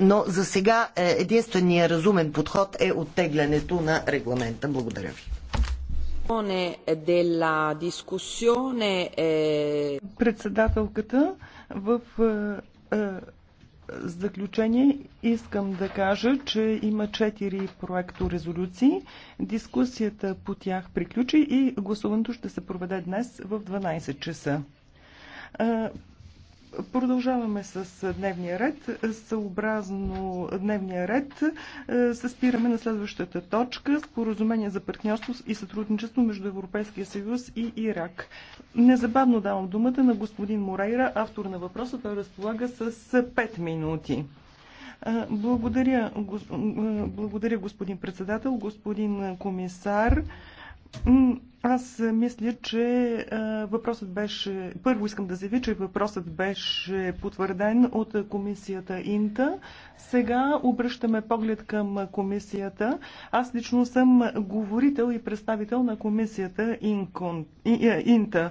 но за сега е, единствения разумен подход е оттеглянето на регламента. Благодаря ви. Е, Председателката в е, заключение искам да кажа, че има четири проекто резолюции. Дискусията по тях приключи и гласуването ще се проведе днес в 12 часа. Продължаваме с дневния ред. Съобразно дневния ред се спираме на следващата точка споразумение за партньорство и сътрудничество между Европейския съюз и Ирак. Незабавно давам думата на господин Морейра, автор на въпроса. Той разполага с 5 минути. Благодаря, благодаря господин председател, господин комисар. Аз мисля, че въпросът беше... Първо искам да заявя, че въпросът беше потвърден от комисията Инта. Сега обръщаме поглед към комисията. Аз лично съм говорител и представител на комисията Инкон... Е, Инта.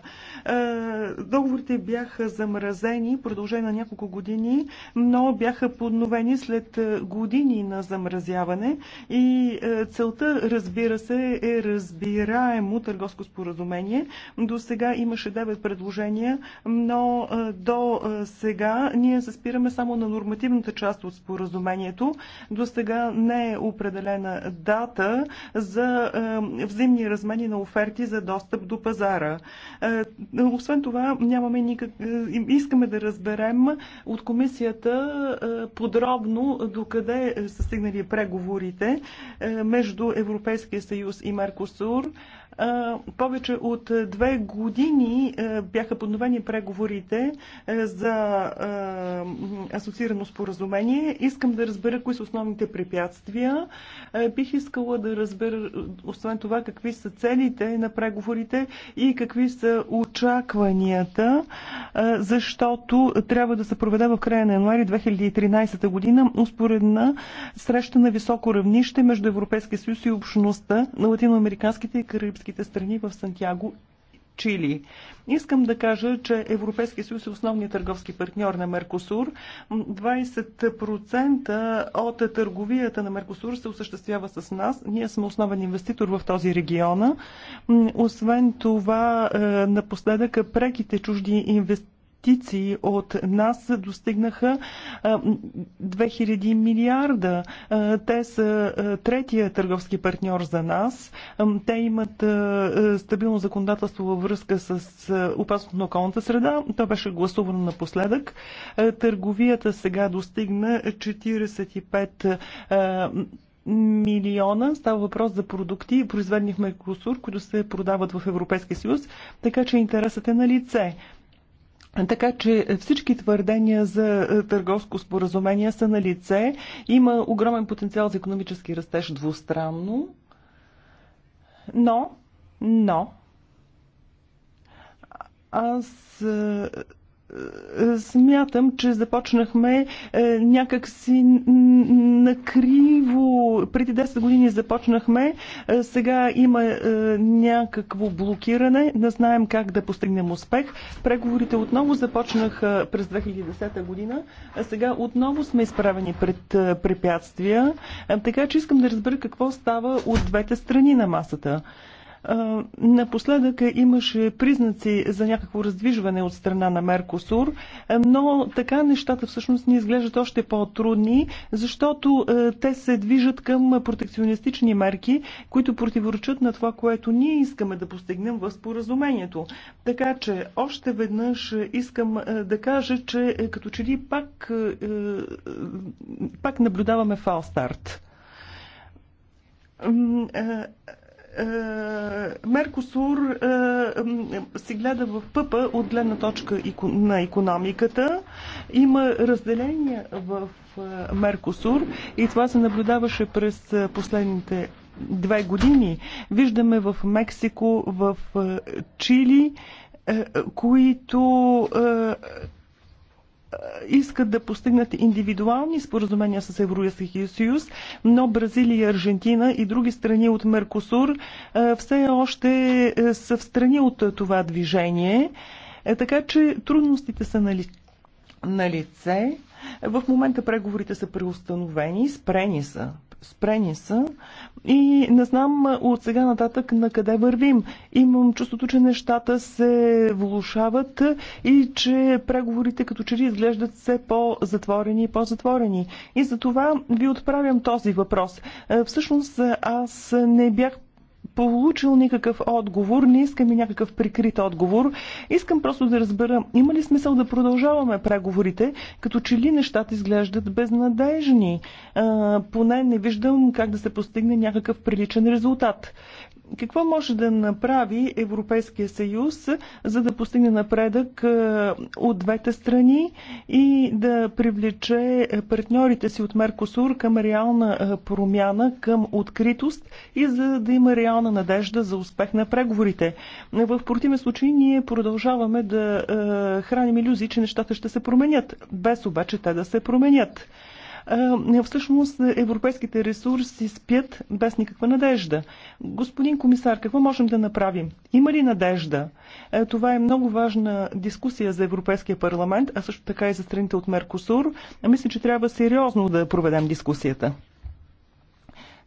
Договорите бяха замразени продължение на няколко години, но бяха подновени след години на замразяване и е, целта, разбира се, е разбираемо търговско споразумение. До сега имаше 9 предложения, но до сега ние се спираме само на нормативната част от споразумението. До сега не е определена дата за взаимни размени на оферти за достъп до пазара. Освен това, нямаме никак... искаме да разберем от комисията подробно до къде са стигнали преговорите между Европейския съюз и Меркосур. Повече от две години бяха подновени преговорите за асоциирано споразумение. Искам да разбера кои са основните препятствия. Бих искала да разбера, освен това, какви са целите на преговорите и какви са очакванията, защото трябва да се проведе в края на януари 2013 година успоредна среща на високо равнище между Европейския съюз и общността на латиноамериканските и карибски африканските страни в Сантьяго Чили. Искам да кажа, че Европейския съюз е основният търговски партньор на Меркосур. 20% от търговията на Меркосур се осъществява с нас. Ние сме основен инвеститор в този региона. Освен това, е, напоследък преките чужди инвестиции инвестиции от нас достигнаха 2000 милиарда. Те са третия търговски партньор за нас. Те имат стабилно законодателство във връзка с опасност на околната среда. То беше гласувано напоследък. Търговията сега достигна 45 милиона. Става въпрос за продукти, произведени в Меркосур, които се продават в Европейския съюз, така че интересът е на лице. Така че всички твърдения за е, търговско споразумение са на лице. Има огромен потенциал за економически растеж двустранно. Но, но, аз е, смятам, че започнахме е, някакси накриво. Преди 10 години започнахме. Е, сега има е, някакво блокиране. Не знаем как да постигнем успех. Преговорите отново започнаха е, през 2010 година. А сега отново сме изправени пред е, препятствия. Е, така че искам да разбера какво става от двете страни на масата. Напоследък имаше признаци за някакво раздвижване от страна на Меркосур, но така нещата всъщност ни изглеждат още по-трудни, защото те се движат към протекционистични мерки, които противоречат на това, което ние искаме да постигнем в споразумението. Така че още веднъж искам да кажа, че е, като че ли пак, е, е, пак наблюдаваме фалстарт. Е, Меркосур се гледа в пъпа от гледна точка на економиката. Има разделения в е, Меркосур и това се наблюдаваше през е, последните две години. Виждаме в Мексико, в Чили, които искат да постигнат индивидуални споразумения с Евроясихия съюз, но Бразилия, Аржентина и други страни от Меркосур все още са в страни от това движение. Е, така че трудностите са на, ли... на лице. В момента преговорите са преустановени, спрени са спрени са и не знам от сега нататък на къде вървим. Имам чувството, че нещата се влушават и че преговорите като че ли изглеждат все по-затворени и по-затворени. И за това ви отправям този въпрос. Е, всъщност аз не бях получил никакъв отговор, не искам и някакъв прикрит отговор. Искам просто да разбера, има ли смисъл да продължаваме преговорите, като че ли нещата изглеждат безнадежни. А, поне не виждам как да се постигне някакъв приличен резултат какво може да направи Европейския съюз, за да постигне напредък е, от двете страни и да привлече партньорите си от Меркосур към реална е, промяна, към откритост и за да има реална надежда за успех на преговорите. В противен случай ние продължаваме да е, храним иллюзии, че нещата ще се променят, без обаче те да се променят всъщност европейските ресурси спят без никаква надежда. Господин комисар, какво можем да направим? Има ли надежда? Е, това е много важна дискусия за Европейския парламент, а също така и за страните от Меркосур. Мисля, че трябва сериозно да проведем дискусията.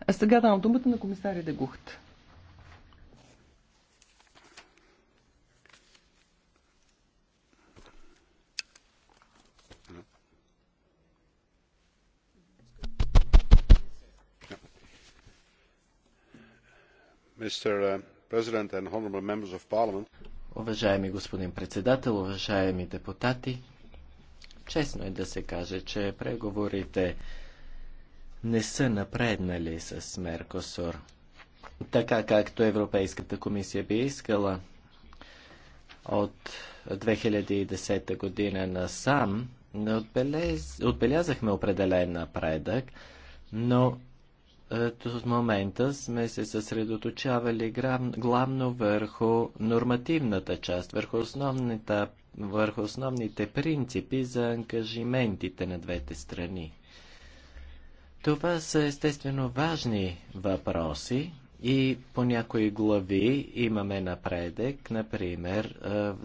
А сега давам думата на комисаря Дегухт. Uh, уважаеми господин председател, уважаеми депутати, честно е да се каже, че преговорите не са напреднали с Меркосур, така както Европейската комисия би искала. От 2010 година насам не отбелез... отбелязахме определен напредък, но от е, момента сме се съсредоточавали главно върху нормативната част, върху, основната, върху основните принципи за ангажиментите на двете страни. Това са естествено важни въпроси, и по някои глави имаме напредък, например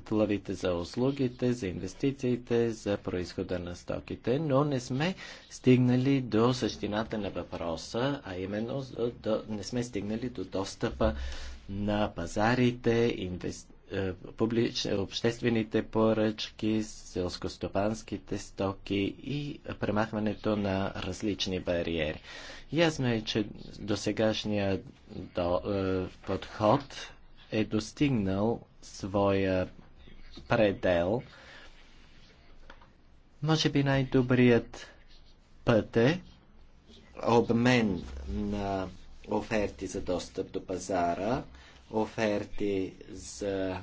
главите за услугите, за инвестициите, за происхода на стоките, но не сме стигнали до същината на въпроса, а именно до, не сме стигнали до достъпа на пазарите, инвести... публич... обществените поръчки, селскостопанските стоки и премахването на различни бариери. Ясно е, че досегашният до, е, подход е достигнал своя предел. Може би най-добрият път е обмен на оферти за достъп до пазара, оферти за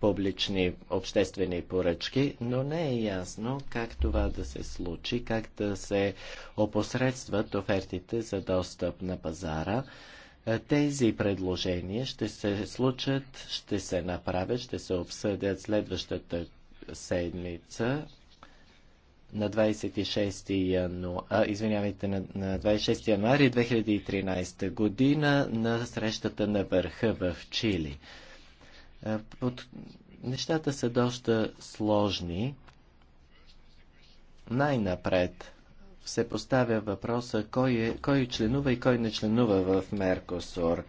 публични обществени поръчки, но не е ясно как това да се случи, как да се опосредстват офертите за достъп на пазара тези предложения ще се случат, ще се направят, ще се обсъдят следващата седмица на 26 яну... а, извинявайте, на, на 26 януари 2013 година на срещата на върха в Чили. Под... Нещата са доста сложни. Най-напред се поставя въпроса кой, е, кой членува и кой не членува в Меркосур.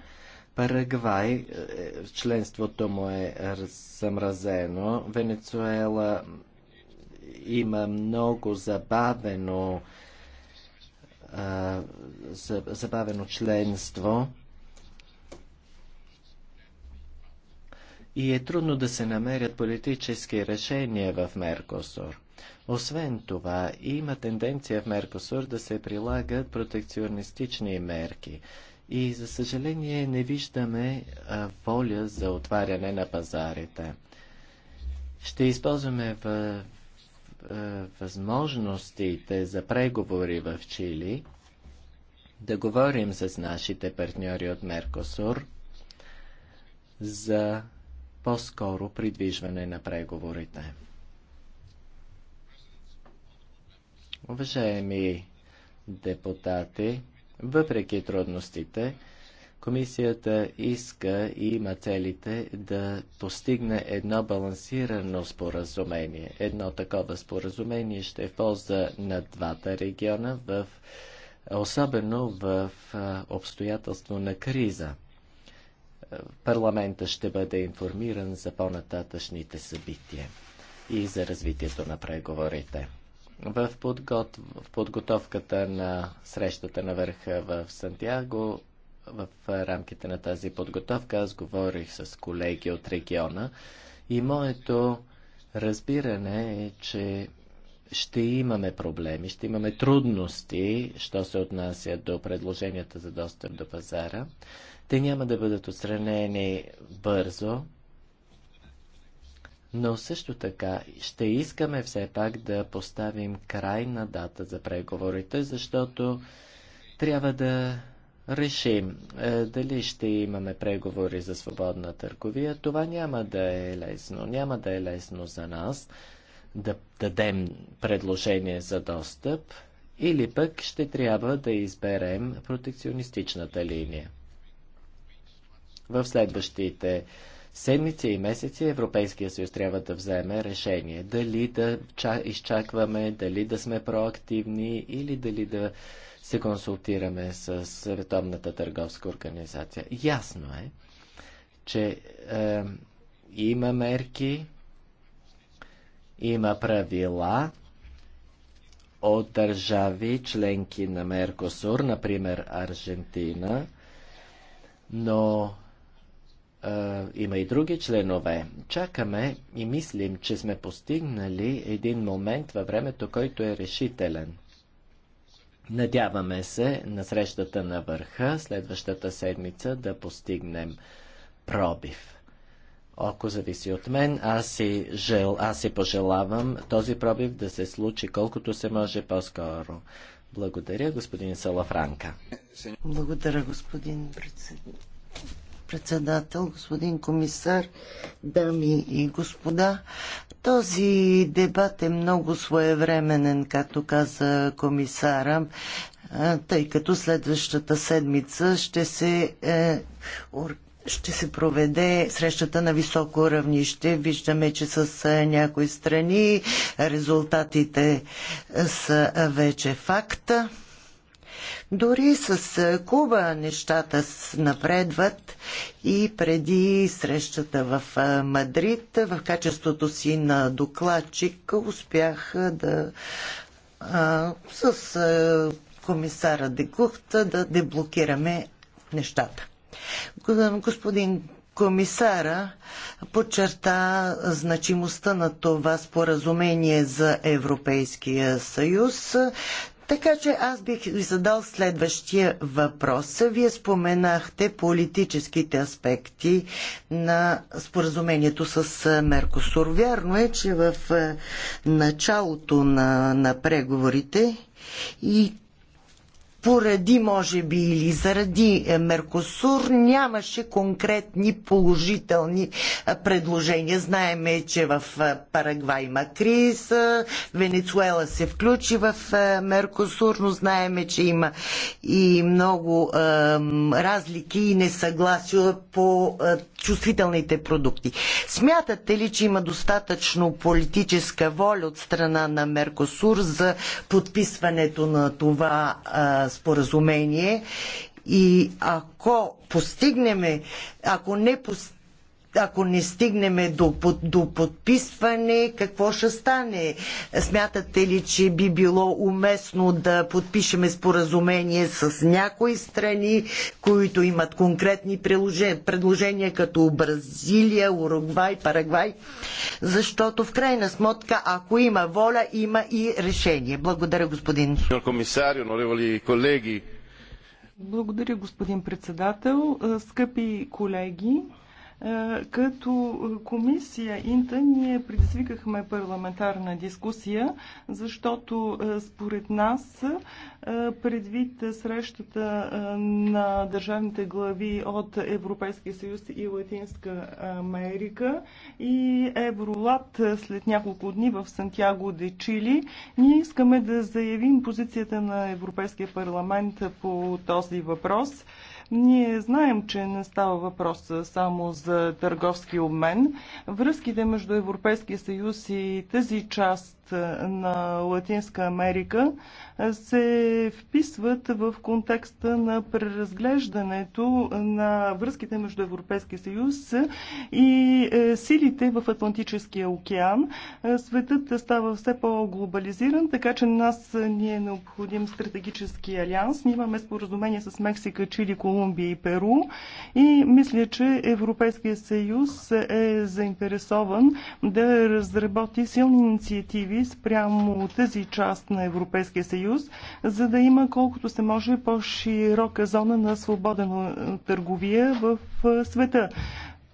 Парагвай, е, членството му е замразено. Венецуела има много забавено, а, забавено членство. и е трудно да се намерят политически решения в Меркосур. Освен това, има тенденция в Меркосур да се прилагат протекционистични мерки. И, за съжаление, не виждаме а, воля за отваряне на пазарите. Ще използваме в, в, възможностите за преговори в Чили, да говорим с нашите партньори от Меркосур за по-скоро придвижване на преговорите. Уважаеми депутати, въпреки трудностите, Комисията иска и има целите да постигне едно балансирано споразумение. Едно такова споразумение ще е в полза на двата региона, в, особено в обстоятелство на криза парламента ще бъде информиран за по-нататъчните събития и за развитието на преговорите. В, в подготовката на срещата на върха в Сантьяго, в рамките на тази подготовка, аз говорих с колеги от региона и моето разбиране е, че ще имаме проблеми, ще имаме трудности, що се отнася до предложенията за достъп до пазара, те няма да бъдат отстранени бързо, но също така ще искаме все пак да поставим крайна дата за преговорите, защото трябва да решим е, дали ще имаме преговори за свободна търговия. Това няма да е лесно. Няма да е лесно за нас да дадем предложение за достъп или пък ще трябва да изберем протекционистичната линия. В следващите седмици и месеци Европейския съюз трябва да вземе решение дали да изчакваме, дали да сме проактивни или дали да се консултираме с Световната търговска организация. Ясно е, че е, има мерки, има правила от държави, членки на Меркосур, например Аржентина, но е, има и други членове. Чакаме и мислим, че сме постигнали един момент във времето, който е решителен. Надяваме се на срещата на върха следващата седмица да постигнем пробив. Ако зависи от мен, аз си, жел, аз си пожелавам този пробив да се случи колкото се може по-скоро. Благодаря, господин Салафранка. Благодаря, господин председател председател, господин комисар, дами и господа. Този дебат е много своевременен, както каза комисара, тъй като следващата седмица ще се е, ще се проведе срещата на високо равнище. Виждаме, че с е, някои страни резултатите е, са е, вече факта. Дори с е, Куба нещата напредват и преди срещата в е, Мадрид, в качеството си на докладчик, успях е, да а, с а, комисара Декухта да деблокираме нещата. Господин комисара подчерта значимостта на това споразумение за Европейския съюз. Така че аз бих ви задал следващия въпрос. Вие споменахте политическите аспекти на споразумението с Меркосур. Вярно е, че в началото на, на преговорите и поради, може би, или заради е, Меркосур нямаше конкретни положителни е, предложения. Знаеме, че в е, Парагвай има криза, Венецуела се включи в Меркосур, но знаеме, че има и много е, разлики и несъгласия по е, чувствителните продукти. Смятате ли, че има достатъчно политическа воля от страна на Меркосур за подписването на това е, споразумение и ако постигнем, ако не постигнем ако не стигнем до, до подписване, какво ще стане? Смятате ли, че би било уместно да подпишеме споразумение с някои страни, които имат конкретни предложения, като Бразилия, Уругвай, Парагвай? Защото в крайна смотка, ако има воля, има и решение. Благодаря, господин. колеги. Благодаря, господин председател. Скъпи колеги, е, като комисия Инта ние предизвикахме парламентарна дискусия, защото е, според нас е, предвид срещата на държавните глави от Европейския съюз и Латинска Америка и Евролат след няколко дни в Сантьяго де Чили, ние искаме да заявим позицията на Европейския парламент по този въпрос. Ние знаем, че не става въпрос само за търговски обмен. Връзките между Европейския съюз и тази част на Латинска Америка се вписват в контекста на преразглеждането на връзките между Европейския съюз и е, силите в Атлантическия океан. Светът става все по-глобализиран, така че на нас ни е необходим стратегически алианс. Ние имаме споразумение с Мексика, Чили, Колумбия и Перу и мисля, че Европейския съюз е заинтересован да разработи силни инициативи мерки спрямо тази част на Европейския съюз, за да има колкото се може по-широка зона на свободна търговия в света.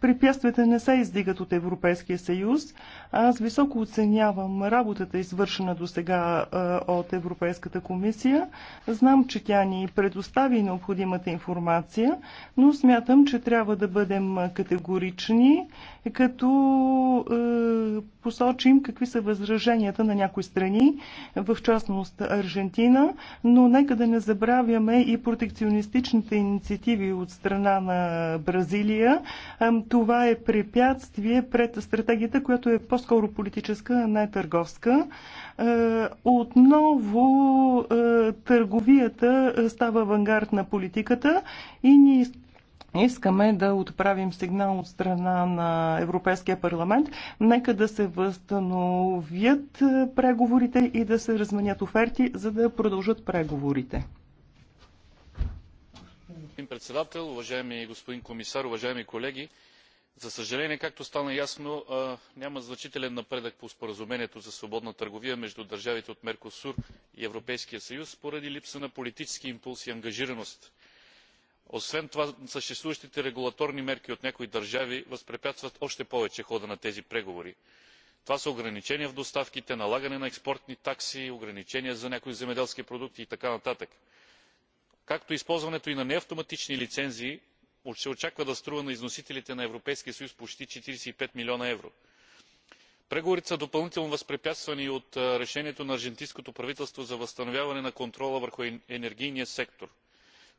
Препятствията не се издигат от Европейския съюз, аз високо оценявам работата, извършена до сега от Европейската комисия. Знам, че тя ни предостави необходимата информация, но смятам, че трябва да бъдем категорични, като е, посочим какви са възраженията на някои страни, в частност Аржентина, но нека да не забравяме и протекционистичните инициативи от страна на Бразилия. Това е препятствие пред стратегията, която е по по-скоро политическа, а не търговска. Е, отново е, търговията е, става авангард на политиката и ние Искаме да отправим сигнал от страна на Европейския парламент. Нека да се възстановят преговорите и да се разменят оферти, за да продължат преговорите. Господин председател, уважаеми господин комисар, уважаеми колеги, за съжаление както стана ясно няма значителен напредък по споразумението за свободна търговия между държавите от меркосур и европейския съюз поради липса на политически импулс и ангажираност. освен това съществуващите регулаторни мерки от някои държави възпрепятстват още повече хода на тези преговори. това са ограничения в доставките налагане на експортни такси ограничения за някои земеделски продукти и така нататък както и използването на неавтоматични лицензии се очаква да струва на износителите на европейския съюз почти четиридесет и пет милиона евро. преговорите са допълнително възпрепятствани и от решението на аржентинското правителство за възстановяване на контрола върху енергийния сектор.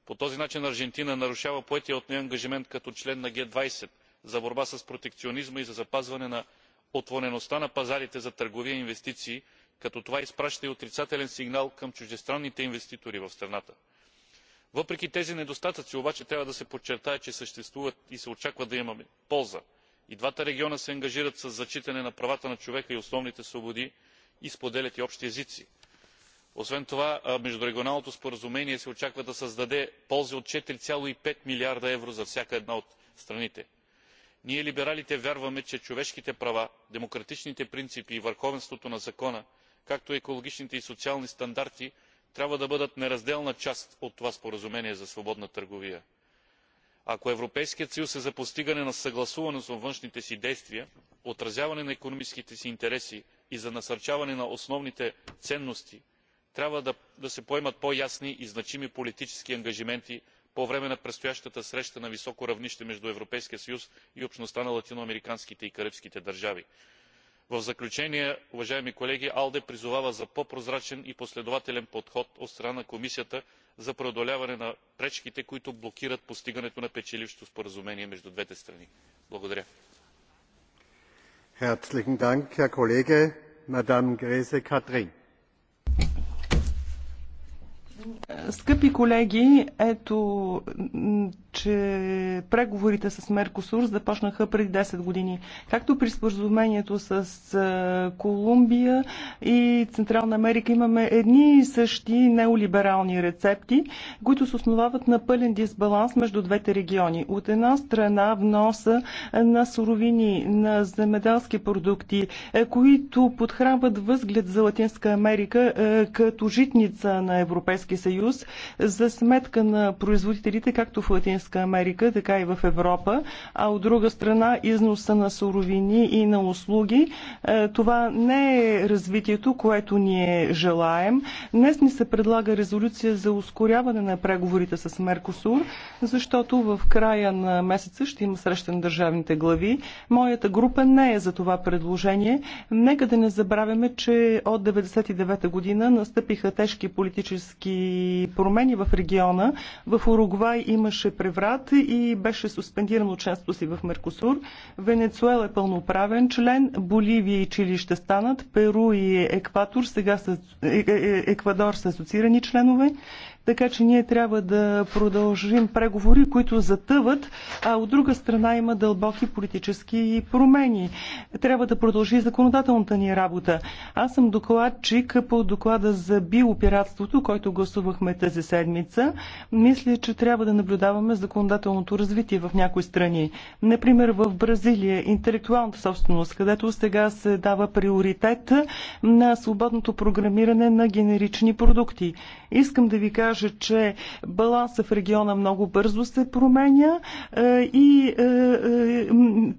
по този начин аржентина нарушава поетия от нея ангажимент като член на г двадесет за борба с протекционизма и за запазване на отвореността на пазарите за търговия и инвестиции като това изпраща и отрицателен сигнал към чуждестранните инвеститори в страната въпреки тези недостатъци обаче трябва да се подчертае че съществуват и се очаква да имаме полза. и двата региона се ангажират със зачитане на правата на човека и основните свободи и споделят и общи езици. освен това междурегионалното споразумение се очаква да създаде ползи от четири пет милиарда евро за всяка една от страните. ние либералите вярваме че човешките права демократичните принципи и върховенството на закона както и екологичните и социални стандарти трябва да бъдат неразделна част от това споразумение за свободна търговия. ако европейският съюз е за постигане на съгласуваност във външните си действия отразяване на икономическите си интереси и за насърчаване на основните ценности трябва да се поемат по ясни и значими политически ангажименти по време на предстоящата среща на високо равнище между европейския съюз и общността на латиноамериканските и карибските държави в заключение уважаеми колеги алде призовава за по прозрачен и последователен подход от страна на комисията за преодоляване на пречките които блокират постигането на печелившо споразумение между двете страни. благодаря. Скъпи колеги, ето че преговорите с Меркосур започнаха преди 10 години. Както при споразумението с Колумбия и Централна Америка имаме едни и същи неолиберални рецепти, които се основават на пълен дисбаланс между двете региони. От една страна вноса на суровини, на земеделски продукти, е, които подхранват възглед за Латинска Америка е, като житница на Европейския съюз за сметка на производителите както в Латинска Латинска Америка, така и в Европа, а от друга страна износа на суровини и на услуги. Е, това не е развитието, което ние желаем. Днес ни се предлага резолюция за ускоряване на преговорите с Меркосур, защото в края на месеца ще има среща на държавните глави. Моята група не е за това предложение. Нека да не забравяме, че от 1999 година настъпиха тежки политически промени в региона. В Уругвай имаше превръщане преврат и беше суспендирано членството си в Меркосур. Венецуела е пълноправен член, Боливия и Чили ще станат, Перу и Екватор, сега е, е, Еквадор са асоциирани членове. Така че ние трябва да продължим преговори, които затъват, а от друга страна има дълбоки политически промени. Трябва да продължи законодателната ни работа. Аз съм докладчик по доклада за биопиратството, който гласувахме тази седмица. Мисля, че трябва да наблюдаваме законодателното развитие в някои страни. Например, в Бразилия интелектуалната собственост, където сега се дава приоритет на свободното програмиране на генерични продукти. Искам да ви кажа, кажа, че баланса в региона много бързо се променя е, и е, е,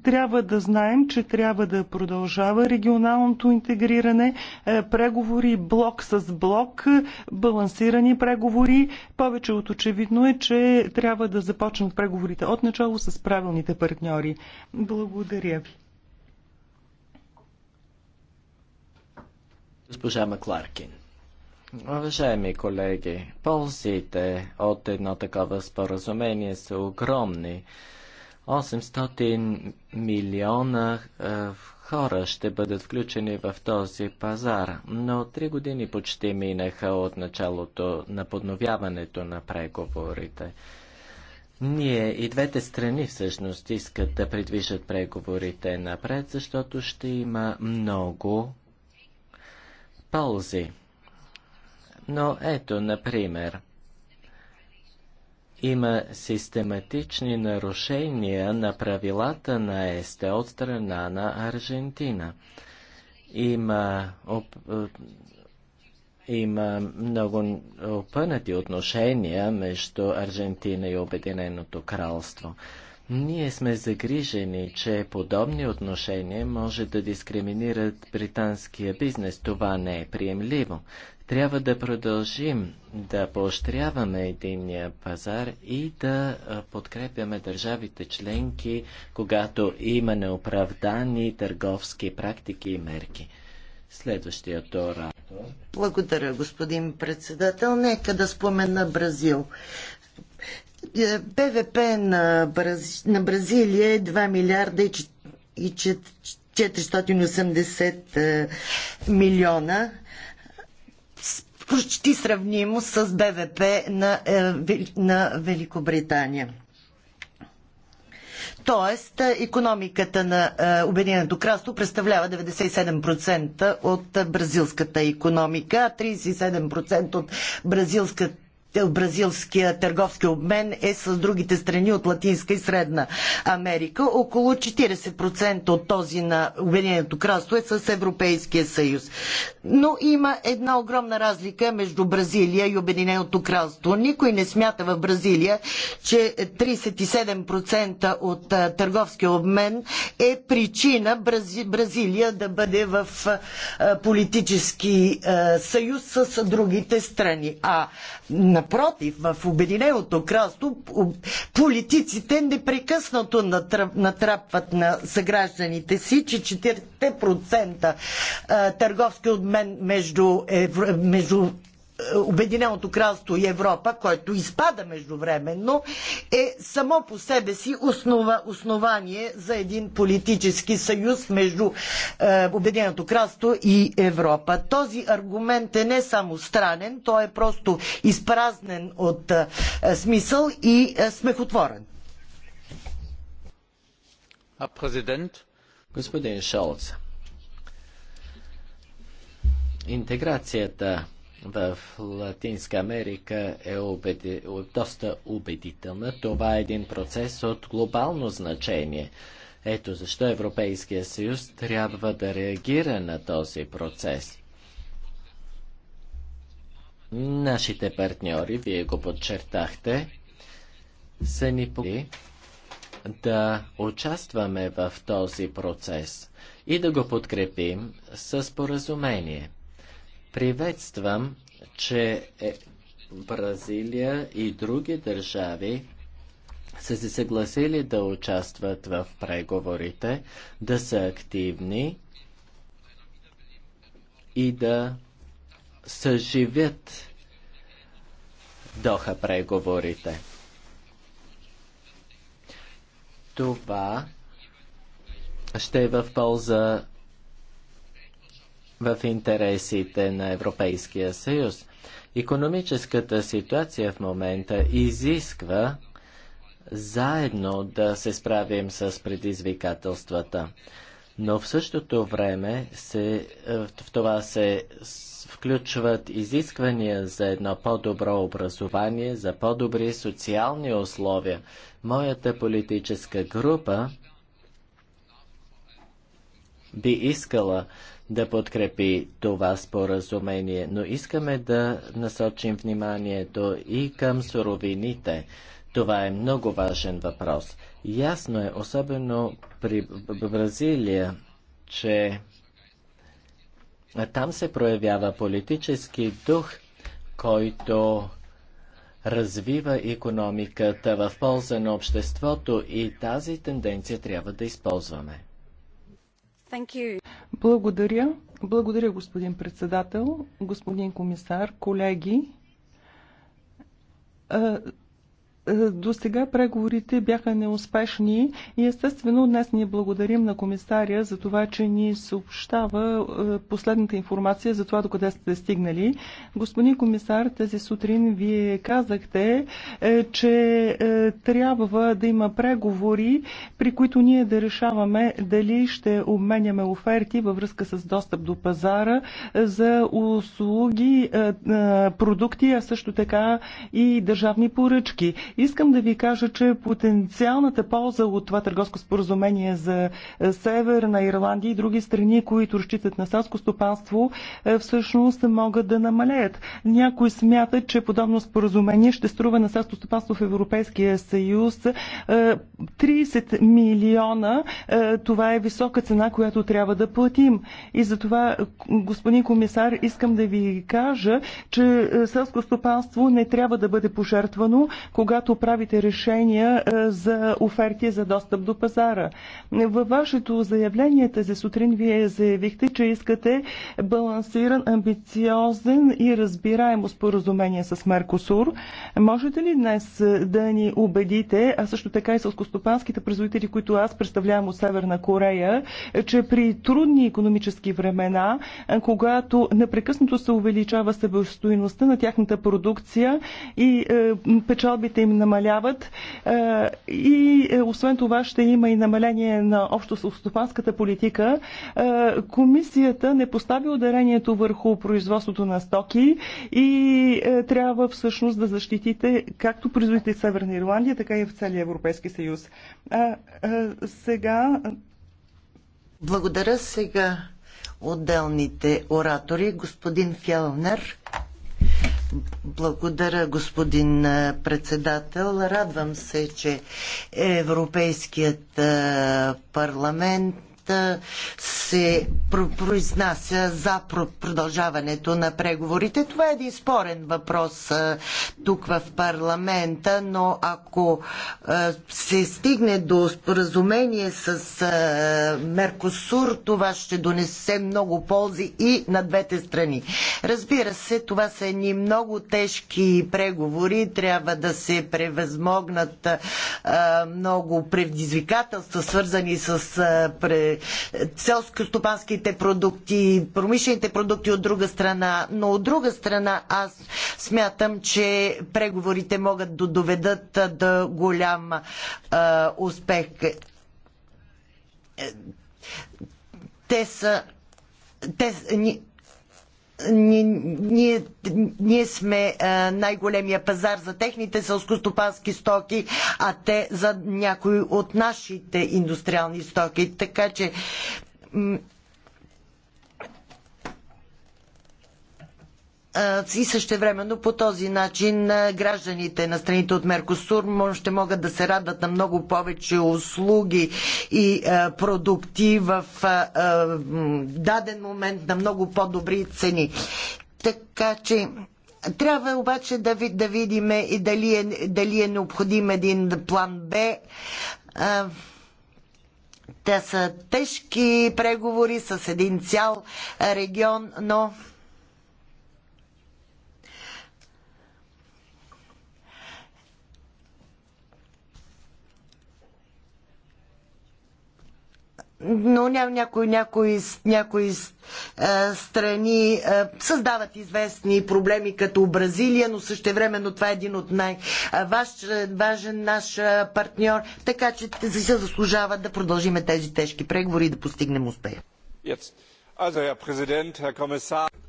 трябва да знаем, че трябва да продължава регионалното интегриране, преговори блок с блок, балансирани преговори. Повече от очевидно е, че трябва да започнат преговорите от начало с правилните партньори. Благодаря ви. Госпожа Макларкин. Уважаеми колеги, ползите от едно такова споразумение са огромни. 800 милиона е, хора ще бъдат включени в този пазар, но три години почти минаха от началото на подновяването на преговорите. Ние и двете страни всъщност искат да придвижат преговорите напред, защото ще има много ползи. Но ето, например, има систематични нарушения на правилата на ЕСТЕ от страна на Аржентина. Има, оп, е, има много опънати отношения между Аржентина и Обединеното кралство. Ние сме загрижени, че подобни отношения може да дискриминират британския бизнес. Това не е приемливо. Трябва да продължим да поощряваме единния пазар и да подкрепяме държавите членки, когато има неоправдани търговски практики и мерки. Следващия тора. Благодаря, господин председател. Нека да спомена Бразил. Е, БВП на, Браз... на Бразилия е 2 милиарда и 480 е, милиона почти сравнимо с БВП на, е, на Великобритания. Тоест, економиката на е, Обединеното кралство представлява 97% от бразилската економика, а 37% от бразилската бразилския търговски обмен е с другите страни от Латинска и Средна Америка. Около 40% от този на Обединеното кралство е с Европейския съюз. Но има една огромна разлика между Бразилия и Обединеното кралство. Никой не смята в Бразилия, че 37% от търговския обмен е причина Бразилия да бъде в политически съюз с другите страни. А на Напротив, в Обединеното кралство политиците непрекъснато натрапват на съгражданите си, че 40% търговски обмен между, между е, Обединеното кралство и Европа, който изпада междувременно, е само по себе си основа, основание за един политически съюз между е, Обединеното кралство и Европа. Този аргумент е не само странен, той е просто изпразнен от е, смисъл и е, смехотворен. Президент. Господин Шолц, интеграцията в Латинска Америка е убеди, е доста убедителна. Това е един процес от глобално значение. Ето защо Европейския съюз трябва да реагира на този процес. Нашите партньори, вие го подчертахте, са ни поли да участваме в този процес и да го подкрепим с поразумение – Приветствам, че е, Бразилия и други държави са се съгласили да участват в преговорите, да са активни и да съживят Доха преговорите. Това ще е в полза в интересите на Европейския съюз. Економическата ситуация в момента изисква заедно да се справим с предизвикателствата. Но в същото време се, е, в това се включват изисквания за едно по-добро образование, за по-добри социални условия. Моята политическа група би искала да подкрепи това споразумение, но искаме да насочим вниманието и към суровините. Това е много важен въпрос. Ясно е, особено при Бразилия, че там се проявява политически дух, който развива економиката в полза на обществото и тази тенденция трябва да използваме. Thank you. Благодаря. Благодаря, господин председател, господин комисар, колеги е, до сега преговорите бяха неуспешни и естествено днес ние благодарим на комисаря за това, че ни съобщава е, последната информация за това, докъде сте стигнали. Господин комисар, тези сутрин вие казахте, е, че трябва да има преговори, при които ние да решаваме дали ще обменяме оферти във връзка с достъп до пазара за услуги, продукти, а също така и държавни поръчки Искам да ви кажа, че потенциалната полза от това търговско споразумение за е, Северна Ирландия и други страни, които разчитат на селско стопанство, е, всъщност могат да намалеят. Някой смята, че подобно споразумение ще струва на селско стопанство в Европейския съюз 30 е, милиона. Това е висока цена, която трябва да платим. И затова, господин комисар, искам да ви кажа, че селско стопанство не трябва да бъде пожертвано, когато когато правите решения е, за оферти за достъп до пазара. Във вашето заявление тази сутрин вие заявихте, че искате балансиран, амбициозен и разбираемо споразумение с Меркосур. Можете ли днес е, да ни убедите, а също така и сълскостопанските производители, които аз представлявам от Северна Корея, е, че при трудни економически времена, когато непрекъснато се увеличава себестоиността на тяхната продукция и печалбите им намаляват е, и е, освен това ще има и намаление на общо стопанската политика. Е, комисията не постави ударението върху производството на стоки и трябва всъщност да защитите както производите в Северна Ирландия, така и в целия Европейски съюз. А, а, сега. Благодаря сега отделните оратори. Господин Фелнер. Благодаря, господин председател. Радвам се, че Европейският парламент се произнася за продължаването на преговорите. Това е един спорен въпрос тук в парламента, но ако се стигне до споразумение с Меркосур, това ще донесе много ползи и на двете страни. Разбира се, това са едни много тежки преговори, трябва да се превъзмогнат много предизвикателства, свързани с селскостопанските продукти, промишлените продукти от друга страна, но от друга страна аз смятам, че преговорите могат да доведат до голям а, успех. Те са. Те, ние, ние, ние сме най-големия пазар за техните селскостопански стоки, а те за някои от нашите индустриални стоки. Така че и същевременно по този начин гражданите на страните от Меркосур ще могат да се радват на много повече услуги и продукти в даден момент на много по-добри цени. Така че трябва обаче да, ви, да видим и дали е, дали е необходим един план Б. те са тежки преговори с един цял регион, но но някои, някои, някои а, страни а, създават известни проблеми като Бразилия, но същевременно това е един от най-важен наш партньор, така че се заслужава да продължим тези тежки преговори и да постигнем успех. Yes.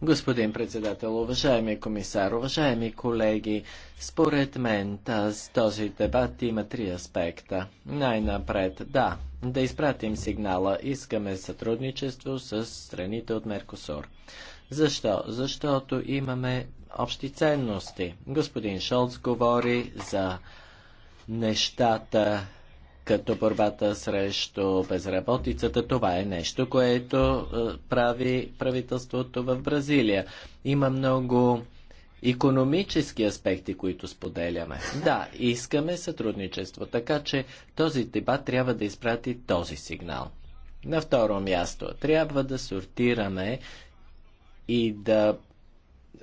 Господин председател, уважаеми комисар, уважаеми колеги, според мен таз, този дебат има три аспекта. Най-напред, да, да изпратим сигнала, искаме сътрудничество с страните от Меркосур. Защо? Защото имаме общи ценности. Господин Шолц говори за нещата, като борбата срещу безработицата. Това е нещо, което е, прави правителството в Бразилия. Има много економически аспекти, които споделяме. Да, искаме сътрудничество, така че този дебат трябва да изпрати този сигнал. На второ място, трябва да сортираме и да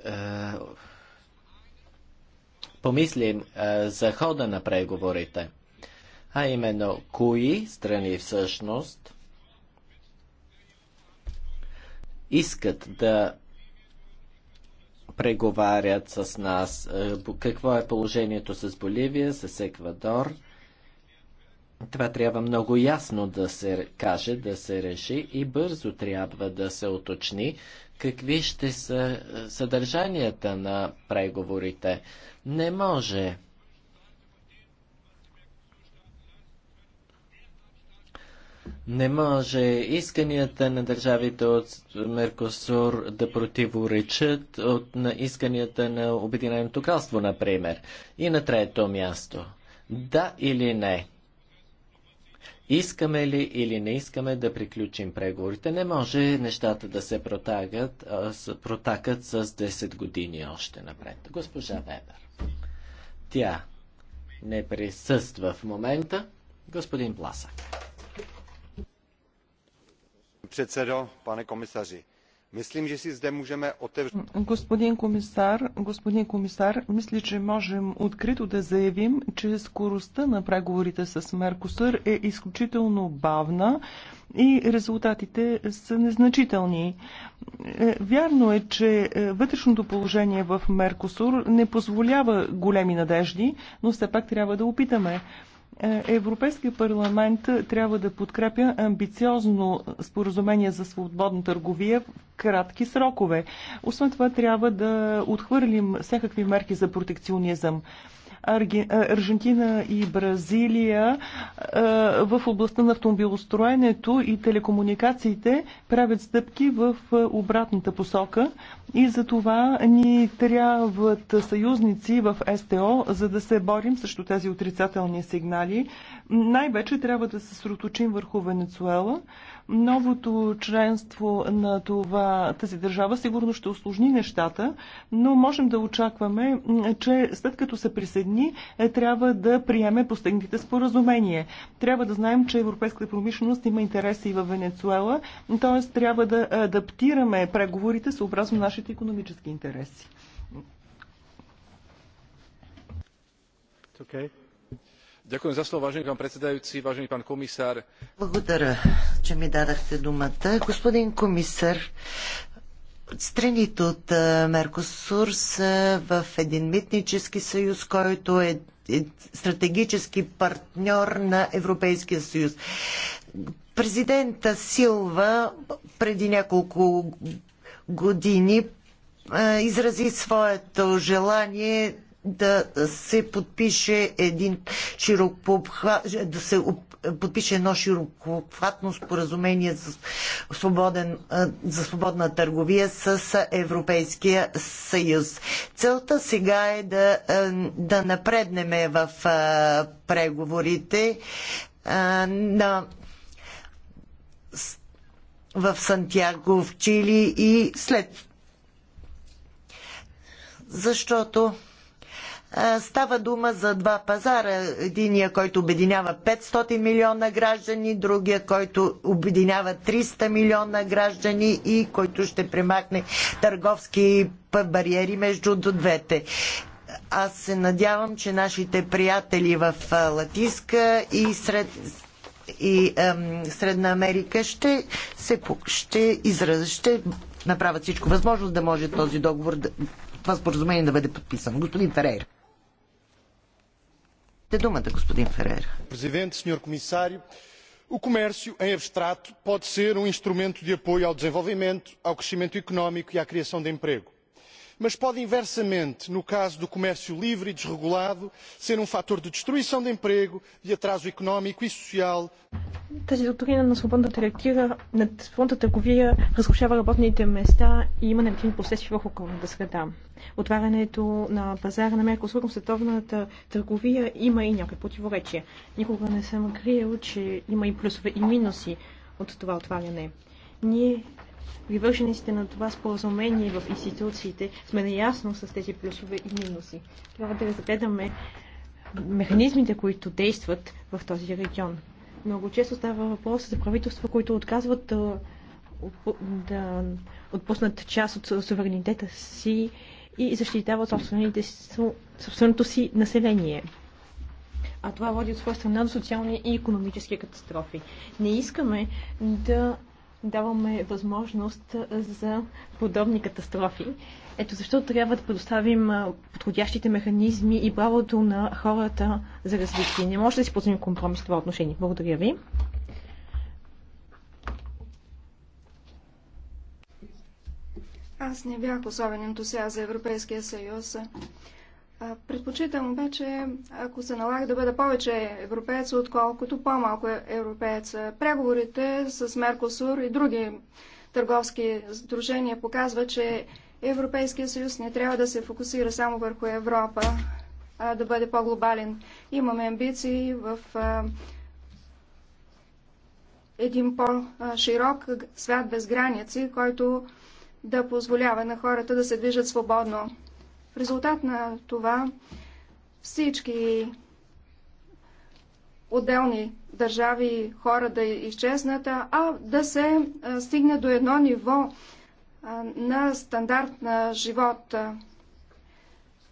е, помислим е, за хода на преговорите а именно кои страни всъщност искат да преговарят с нас. Е, какво е положението с Боливия, с Еквадор? Това трябва много ясно да се каже, да се реши и бързо трябва да се оточни какви ще са е, съдържанията на преговорите. Не може Не може исканията на държавите от Меркосур да противоречат от, на исканията на Обединеното кралство, например. И на трето място. Да или не? Искаме ли или не искаме да приключим преговорите? Не може нещата да се протагат, протакат с 10 години още напред. Госпожа Вебер. Тя не присъства в момента. Господин Пласак předsedo pane komisaři myslím že si zde můžeme otevřeně. господин господин комисар мисля че можем открито да заявим че скоростта на преговорите с меркосур е изключително бавна и резултатите са незначителни. Е, вярно е, че е, вътрешното положение в Меркосур не позволява големи надежди, но все пак трябва да опитаме. Е, Европейския парламент трябва да подкрепя амбициозно споразумение за свободна търговия в кратки срокове. Освен това трябва да отхвърлим всякакви мерки за протекционизъм. Е, Аржентина и Бразилия е, в областта на автомобилостроенето и телекомуникациите правят стъпки в е, обратната посока и за това ни трябват съюзници в СТО, за да се борим срещу тези отрицателни сигнали. Най-вече трябва да се сроточим върху Венецуела. Новото членство на това, тази държава сигурно ще осложни нещата, но можем да очакваме, че след като се присъедини, е, трябва да приеме постигнатите споразумения. Трябва да знаем, че европейската промишленост има интереси и в Венецуела, т.е. трябва да адаптираме преговорите съобразно нашите економически интереси. Okay. Благодаря, че ми дадахте думата. Господин комисар, страните от е, Меркосур са в един митнически съюз, който е, е стратегически партньор на Европейския съюз. Президента Силва преди няколко години е, изрази своето желание да се подпише един широк да се подпише едно широкохватно споразумение за, свободен, за свободна търговия с Европейския съюз. Целта сега е да, да напреднеме в преговорите на в Сантьяго, в Чили и след. Защото Става дума за два пазара. Единия, който обединява 500 милиона граждани, другия, който обединява 300 милиона граждани и който ще премахне търговски бариери между двете. Аз се надявам, че нашите приятели в Латиска и сред и ем, Средна Америка ще, се, ще, израз, ще направят всичко възможно да може този договор, да, това споразумение да бъде подписано. Господин Ферейр. Имате думата, господин Ферера. Президент, сеньор комисар, O comércio, em abstrato, pode ser um instrumento de apoio ao desenvolvimento, ao crescimento económico e à criação de emprego mas pode inversamente no caso do comércio livre e desregulado ser um fator de destruição de emprego de atraso económico e social. Тази доктрина на свободната търговия, на свободната търговия разрушава работните места и има негативни последствия върху околната среда. Отварянето на пазара на Меркосур в световната търговия има и някакви противоречия. Никога не съм криел, че има и плюсове и минуси от това отваряне. Ние привържениците на това споразумение в институциите сме наясно с тези плюсове и минуси. Трябва да разгледаме механизмите, които действат в този регион. Много често става въпрос за правителства, които отказват да, да отпуснат част от суверенитета си и защитават собственото си население а това води от своя страна до социални и економически катастрофи. Не искаме да даваме възможност за подобни катастрофи. Ето защо трябва да предоставим подходящите механизми и правото на хората за развитие. Не може да си позволим компромис в това отношение. Благодаря ви. Аз не бях особен ентусиаст за Европейския съюз. Предпочитам обаче, ако се налага да бъда повече европеец, отколкото по-малко европеец. Преговорите с Меркосур и други търговски сдружения показват, че Европейския съюз не трябва да се фокусира само върху Европа, а да бъде по-глобален. Имаме амбиции в един по-широк свят без граници, който да позволява на хората да се движат свободно. В резултат на това всички отделни държави хора да изчезнат, а да се стигне до едно ниво на стандарт на живот.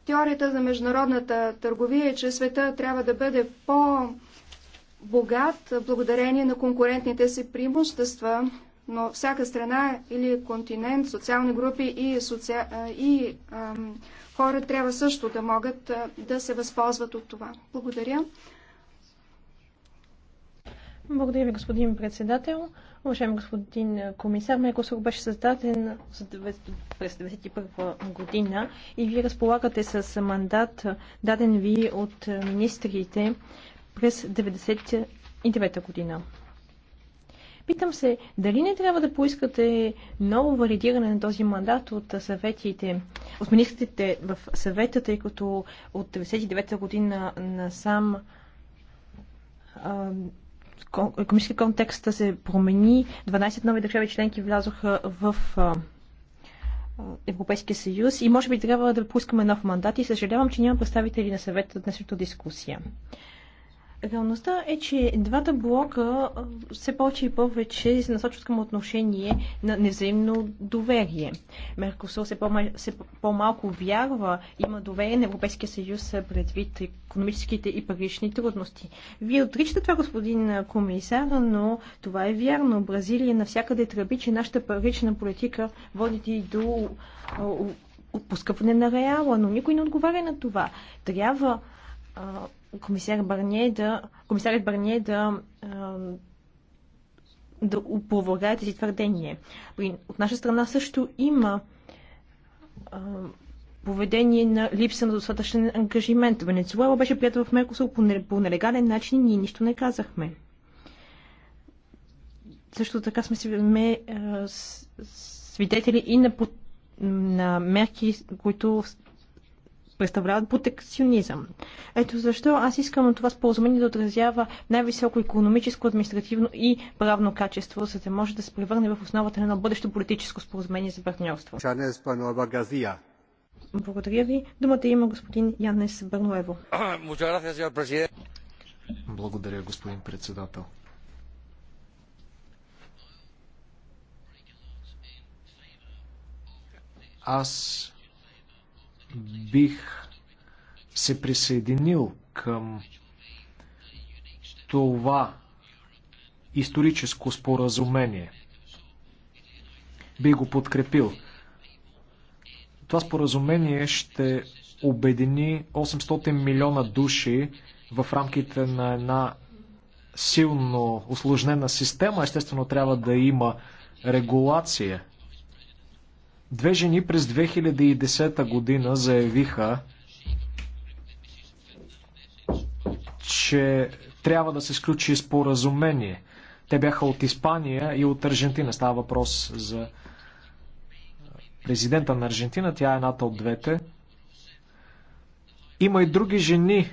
Теорията за международната търговия е, че света трябва да бъде по-богат благодарение на конкурентните си преимущества, но всяка страна или континент, социални групи и, соци... и ам, хора трябва също да могат да се възползват от това. Благодаря. Благодаря ви, господин председател. Уважаеми господин комисар, Меркосур беше създаден през 1991 година и вие разполагате с мандат, даден ви от министрите през 1999 година. Питам се, дали не трябва да поискате ново валидиране на този мандат от съветите, от министрите в съвета, тъй като от 99-та година сам економически контекста се промени. 12 нови държави членки влязоха в Европейския съюз и може би трябва да поискаме нов мандат и съжалявам, че няма представители на съвета днес дискусия. Реалността е, че двата блока все повече и повече се насочват към отношение на невзаимно доверие. Меркосур се по-мал, по-малко вярва, има доверие на Европейския съюз предвид економическите и парични трудности. Вие отричате това, господин комисар, но това е вярно. Бразилия навсякъде тръби, че нашата парична политика води до отпускаване на реала, но никой не отговаря на това. Трябва комисар Барние да, комисарът Барние да да опровергае тези твърдения. От наша страна също има а, поведение на липса на достатъчен ангажимент. Венецуела беше приятел в Меркосур по, нелегален начин и ние нищо не казахме. Също така сме, свидетели и на, на мерки, които представляват протекционизъм. Ето защо аз искам това споразумение да отразява най-високо економическо, административно и правно качество, за да може да се превърне в основата на едно бъдещо политическо споразумение за партньорство. Благодаря ви. Думата има господин Янес Бърноево. Благодаря, господин председател. Аз бих се присъединил към това историческо споразумение. Би го подкрепил. Това споразумение ще обедини 800 милиона души в рамките на една силно осложнена система. Естествено, трябва да има регулация. Две жени през 2010 година заявиха, че трябва да се сключи споразумение. Те бяха от Испания и от Аржентина. Става въпрос за президента на Аржентина. Тя е едната от двете. Има и други жени,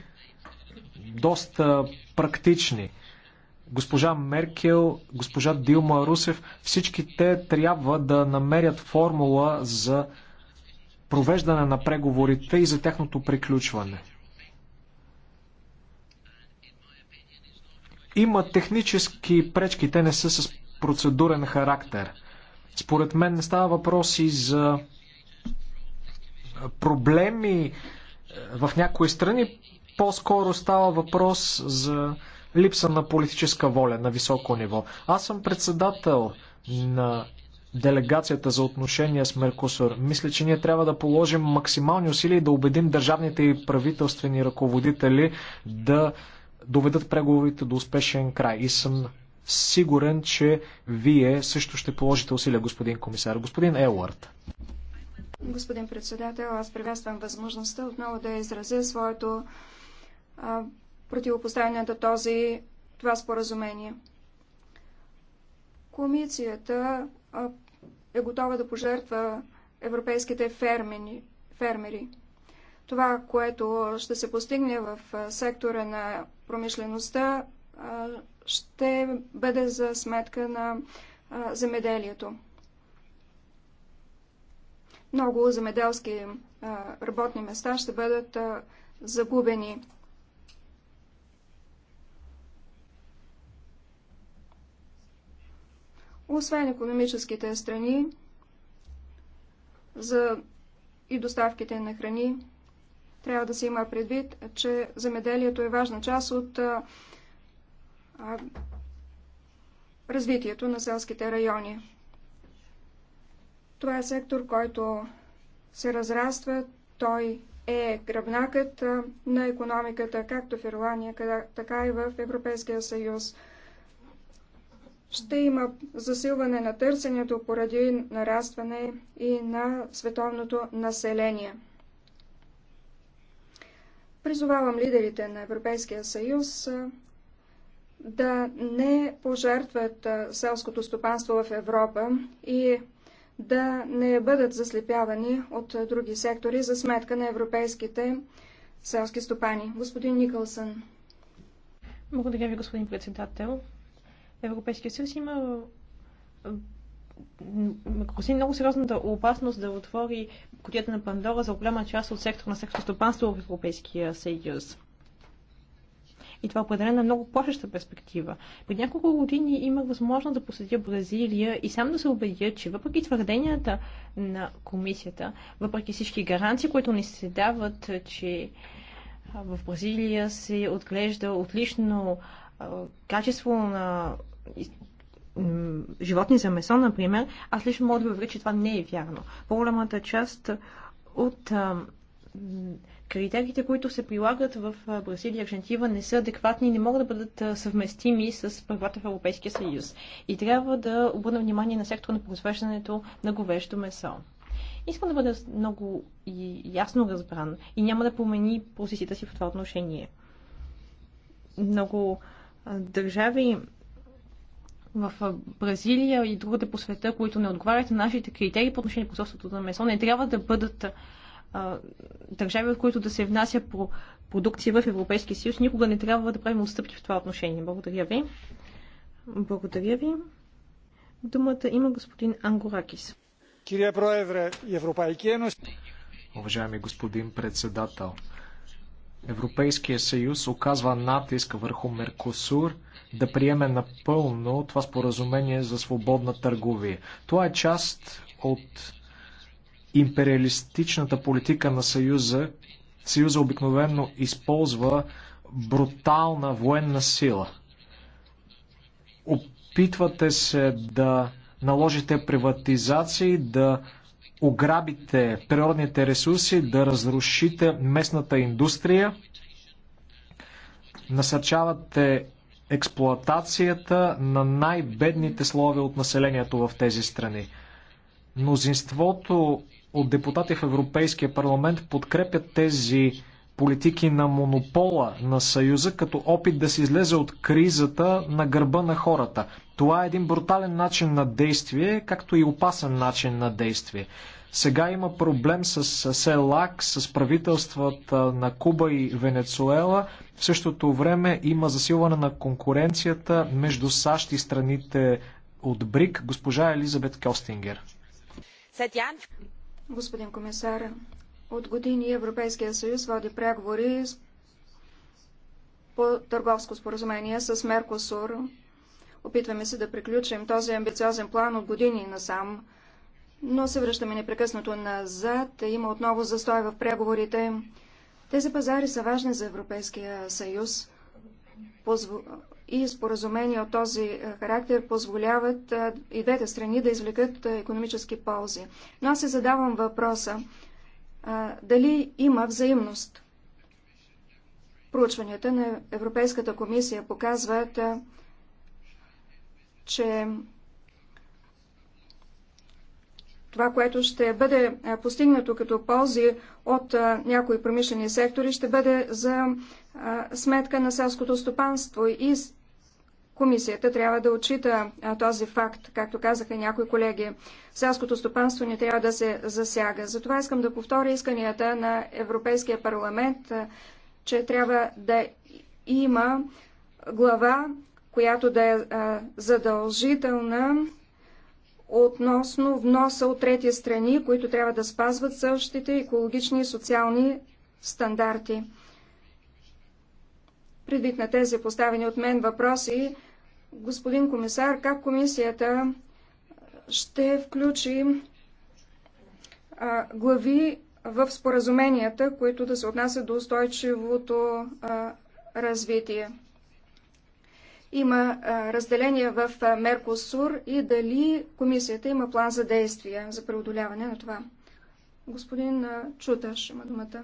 доста практични госпожа Меркел, госпожа Дилма Русев, всички те трябва да намерят формула за провеждане на преговорите и за тяхното приключване. Има технически пречки, те не са с процедурен характер. Според мен не става въпроси за проблеми в някои страни, по-скоро става въпрос за липса на политическа воля на високо ниво. Аз съм председател на делегацията за отношения с Меркусор. Мисля, че ние трябва да положим максимални усилия и да убедим държавните и правителствени ръководители да доведат преговорите до успешен край. И съм сигурен, че вие също ще положите усилия, господин комисар. Господин Елуард. Господин председател, аз приветствам възможността отново да изразя своето противопоставянето този, това споразумение. Комисията е готова да пожертва европейските фермени, фермери. Това, което ще се постигне в сектора на промишлеността, ще бъде за сметка на земеделието. Много земеделски работни места ще бъдат загубени. освен економическите страни за и доставките на храни. Трябва да се има предвид, че земеделието е важна част от а, а, развитието на селските райони. Това е сектор, който се разраства. Той е гръбнакът на економиката, както в Ирландия, така и в Европейския съюз – ще има засилване на търсенето поради нарастване и на световното население. Призовавам лидерите на Европейския съюз да не пожертват селското стопанство в Европа и да не бъдат заслепявани от други сектори за сметка на европейските селски стопани. Господин Никълсън. Благодаря ви, господин председател. Европейския съюз има грози много сериозната опасност да отвори котията на Пандора за голяма част от сектора на сектор стопанство в Европейския съюз. И това е определено е много плашеща перспектива. Пред няколко години имах възможност да посетя Бразилия и сам да се убедя, че въпреки твърденията на комисията, въпреки всички гаранции, които ни се дават, че в Бразилия се отглежда отлично качество на животни за месо, например, аз лично мога да уверя, че това не е вярно. По-голямата част от а, критериите, които се прилагат в Бразилия и Аржентива, не са адекватни и не могат да бъдат съвместими с правата в Европейския съюз. И трябва да обърна внимание на сектора на произвеждането на говеждо месо. Искам да бъда много и ясно разбран и няма да промени позицията си в това отношение. Много държави в Бразилия и другите по света, които не отговарят на нашите критерии по отношение на производството на месо, не трябва да бъдат а, държави, от които да се внася по продукция в Европейския съюз. Никога не трябва да правим отстъпки в това отношение. Благодаря ви. Благодаря ви. Думата има господин Ангоракис. Кирия Проевре, Европейския Енос. Уважаеми господин председател, Европейския съюз оказва натиск върху Меркосур да приеме напълно това споразумение за свободна търговия. Това е част от империалистичната политика на Съюза. Съюза обикновено използва брутална военна сила. Опитвате се да наложите приватизации, да ограбите природните ресурси, да разрушите местната индустрия, насърчавате експлоатацията на най-бедните слове от населението в тези страни. Мнозинството от депутати в Европейския парламент подкрепят тези политики на монопола на Съюза като опит да се излезе от кризата на гърба на хората. Това е един брутален начин на действие, както и опасен начин на действие. Сега има проблем с СЕЛАК, с правителствата на Куба и Венецуела. В същото време има засилване на конкуренцията между САЩ и страните от БРИК. Госпожа Елизабет Костингер. Господин комисар, от години Европейския съюз води преговори по търговско споразумение с Меркосур. Опитваме се да приключим този амбициозен план от години насам, но се връщаме непрекъснато назад. Има отново застой в преговорите. Тези пазари са важни за Европейския съюз и споразумения от този е, характер позволяват е, и двете страни да извлекат економически ползи. Но аз се задавам въпроса, а, дали има взаимност. Проучванията на Европейската комисия показват, а, че това, което ще бъде постигнато като ползи от някои промишлени сектори, ще бъде за сметка на селското стопанство и Комисията трябва да отчита този факт, както казаха някои колеги. Селското стопанство не трябва да се засяга. Затова искам да повторя исканията на Европейския парламент, че трябва да има глава, която да е задължителна относно вноса от трети страни, които трябва да спазват същите екологични и социални стандарти. Предвид на тези поставени от мен въпроси, Господин комисар, как комисията ще включи глави в споразуменията, които да се отнасят до устойчивото развитие? Има разделение в Меркосур и дали комисията има план за действие за преодоляване на това? Господин Чуташ има думата.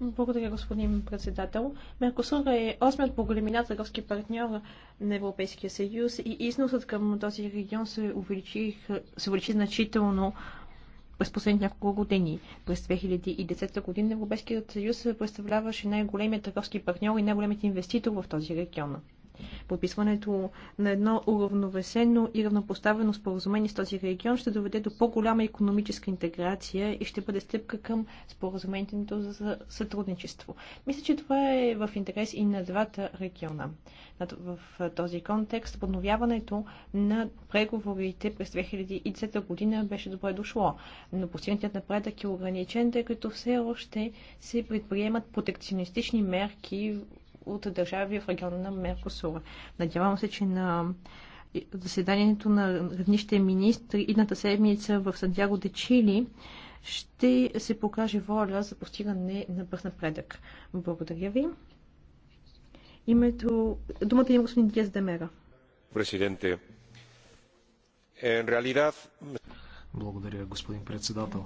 Благодаря, господин председател. Меркосур е осмият по големина търговски партньор на Европейския съюз и износът към този регион се увеличи, се увеличи значително през последните няколко години. През 2010 година Европейският съюз представляваше най-големият търговски партньор и най-големият инвеститор в този регион. Подписването на едно уравновесено и равнопоставено споразумение с този регион ще доведе до по-голяма економическа интеграция и ще бъде стъпка към споразумението за сътрудничество. Мисля, че това е в интерес и на двата региона. В този контекст подновяването на преговорите през 2010 година беше добре дошло, но постигнатият напредък е ограничен, тъй като все още се предприемат протекционистични мерки от държави в региона на Меркосура. Надявам се, че на заседанието на равнище министри идната седмица в Сантьяго де Чили ще се покаже воля за постигане на бърз напредък. Благодаря ви. Името... Думата има господин Диас Демера. Президенте, е, Благодаря, господин председател.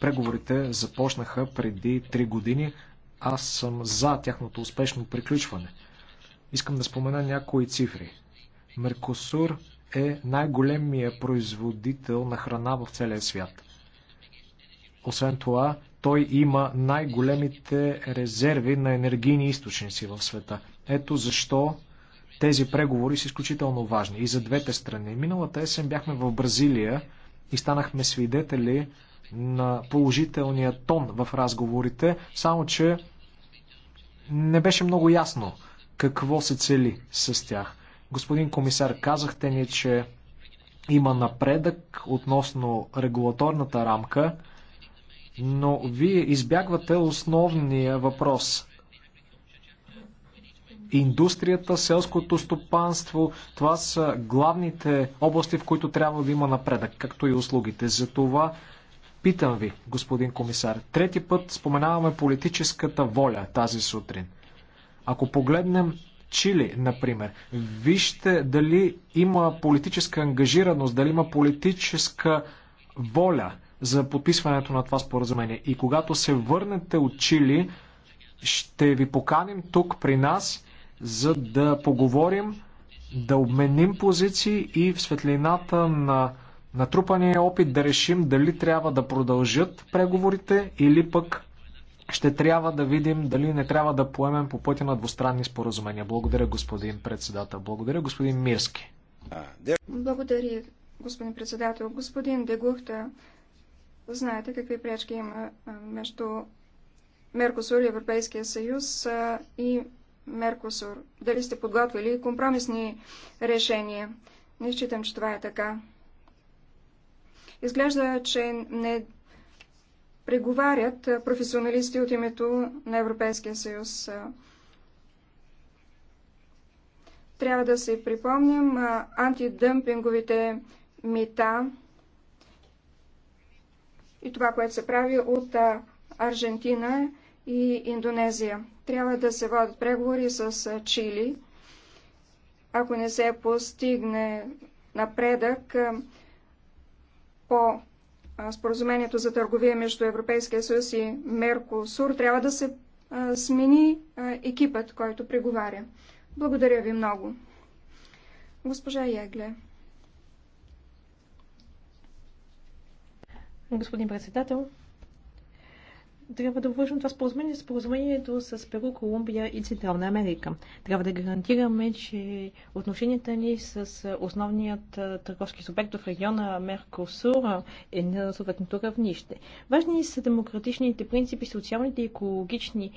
Преговорите започнаха преди три години. Аз съм за тяхното успешно приключване. Искам да спомена някои цифри. Меркосур е най-големия производител на храна в целия свят. Освен това, той има най-големите резерви на енергийни източници в света. Ето защо тези преговори са изключително важни и за двете страни. Миналата есен бяхме в Бразилия и станахме свидетели на положителния тон в разговорите, само че не беше много ясно какво се цели с тях. Господин комисар, казахте ни, че има напредък относно регулаторната рамка, но вие избягвате основния въпрос. Индустрията, селското стопанство, това са главните области, в които трябва да има напредък, както и услугите. За това Питам ви, господин комисар, трети път споменаваме политическата воля тази сутрин. Ако погледнем Чили, например, вижте дали има политическа ангажираност, дали има политическа воля за подписването на това споразумение. И когато се върнете от Чили, ще ви поканим тук при нас, за да поговорим, да обменим позиции и в светлината на натрупания опит да решим дали трябва да продължат преговорите или пък ще трябва да видим дали не трябва да поемем по пътя на двустранни споразумения. Благодаря, господин председател. Благодаря, господин Мирски. Благодаря, господин председател. Господин Дегухта, знаете какви пречки има между Меркосур и Европейския съюз и Меркосур. Дали сте подготвили компромисни решения? Не считам, че това е така. Изглежда, че не преговарят професионалисти от името на Европейския съюз. Трябва да се припомним антидъмпинговите мита и това, което се прави от Аржентина и Индонезия. Трябва да се водят преговори с Чили. Ако не се постигне напредък, по споразумението за търговия между Европейския съюз и Меркосур, трябва да се смени екипът, който преговаря. Благодаря ви много. Госпожа Ягле. Господин председател, трябва да вършим това споразумение споразумението с Перу, Колумбия и Централна Америка. Трябва да гарантираме, че отношенията ни с основният търговски субект в региона Меркосур е на съответното равнище. Важни са демократичните принципи, социалните и екологични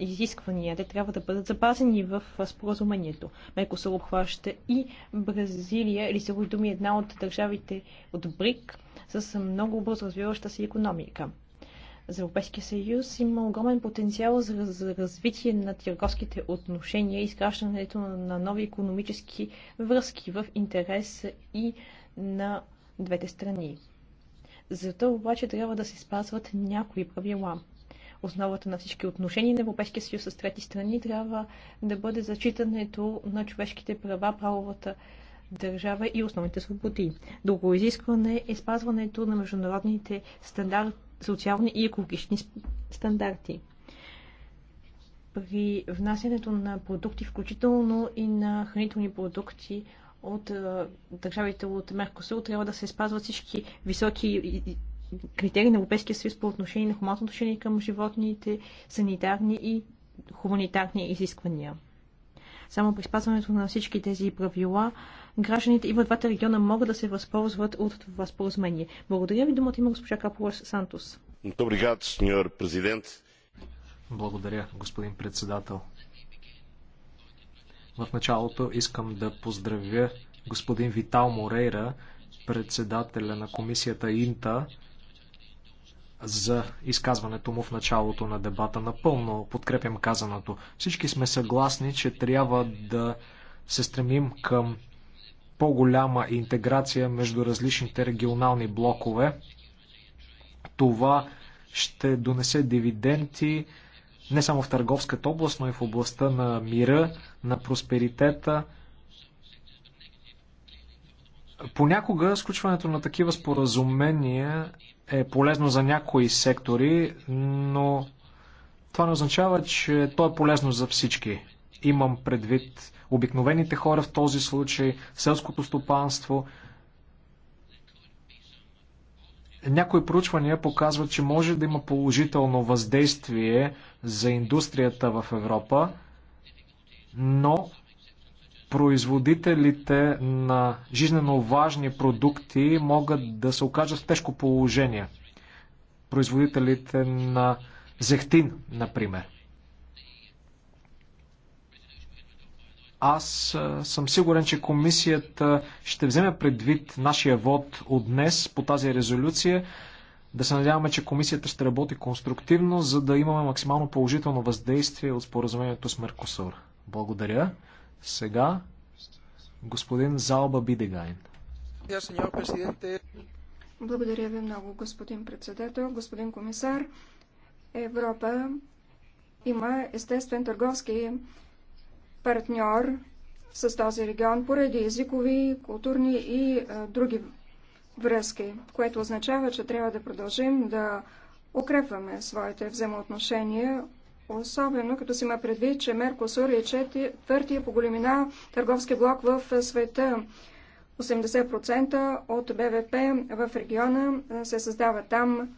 изисквания. Те трябва да бъдат запазени в споразумението. Меркосур обхваща и Бразилия, или се думи е една от държавите от БРИК, с много бързо развиваща се економика за Европейския съюз има огромен потенциал за, за развитие на търговските отношения и изграждането на нови економически връзки в интерес и на двете страни. Зато обаче трябва да се спазват някои правила. Основата на всички отношения на Европейския съюз с трети страни трябва да бъде зачитането на човешките права, правовата държава и основните свободи. Друго изискване е спазването на международните стандарти социални и екологични стандарти. При внасянето на продукти, включително и на хранителни продукти от държавите от Меркосур, трябва да се спазват всички високи критерии на Европейския съюз по отношение на хуманното отношение към животните, санитарни и хуманитарни изисквания. Само при спазването на всички тези правила гражданите и в двата региона могат да се възползват от това споразумение. Благодаря ви, думата има госпожа Капулас Сантос. Благодаря, господин председател. В началото искам да поздравя господин Витал Морейра, председателя на комисията Инта, за изказването му в началото на дебата. Напълно подкрепям казаното. Всички сме съгласни, че трябва да се стремим към по-голяма интеграция между различните регионални блокове. Това ще донесе дивиденти не само в търговската област, но и в областта на мира, на просперитета. Понякога сключването на такива споразумения е полезно за някои сектори, но това не означава, че то е полезно за всички. Имам предвид обикновените хора в този случай, селското стопанство. Някои проучвания показват, че може да има положително въздействие за индустрията в Европа, но производителите на жизненно важни продукти могат да се окажат в тежко положение. Производителите на зехтин, например. Аз съм сигурен, че комисията ще вземе предвид нашия вод от днес по тази резолюция. Да се надяваме, че комисията ще работи конструктивно, за да имаме максимално положително въздействие от споразумението с Меркосур. Благодаря. Сега господин Залба Бидегайн. Благодаря ви много, господин председател, господин комисар. Европа има естествен търговски партньор с този регион поради езикови, културни и а, други връзки, което означава, че трябва да продължим да укрепваме своите взаимоотношения, особено като си има предвид, че Меркосур е четвъртия по големина търговски блок в света. 80% от БВП в региона се създава там.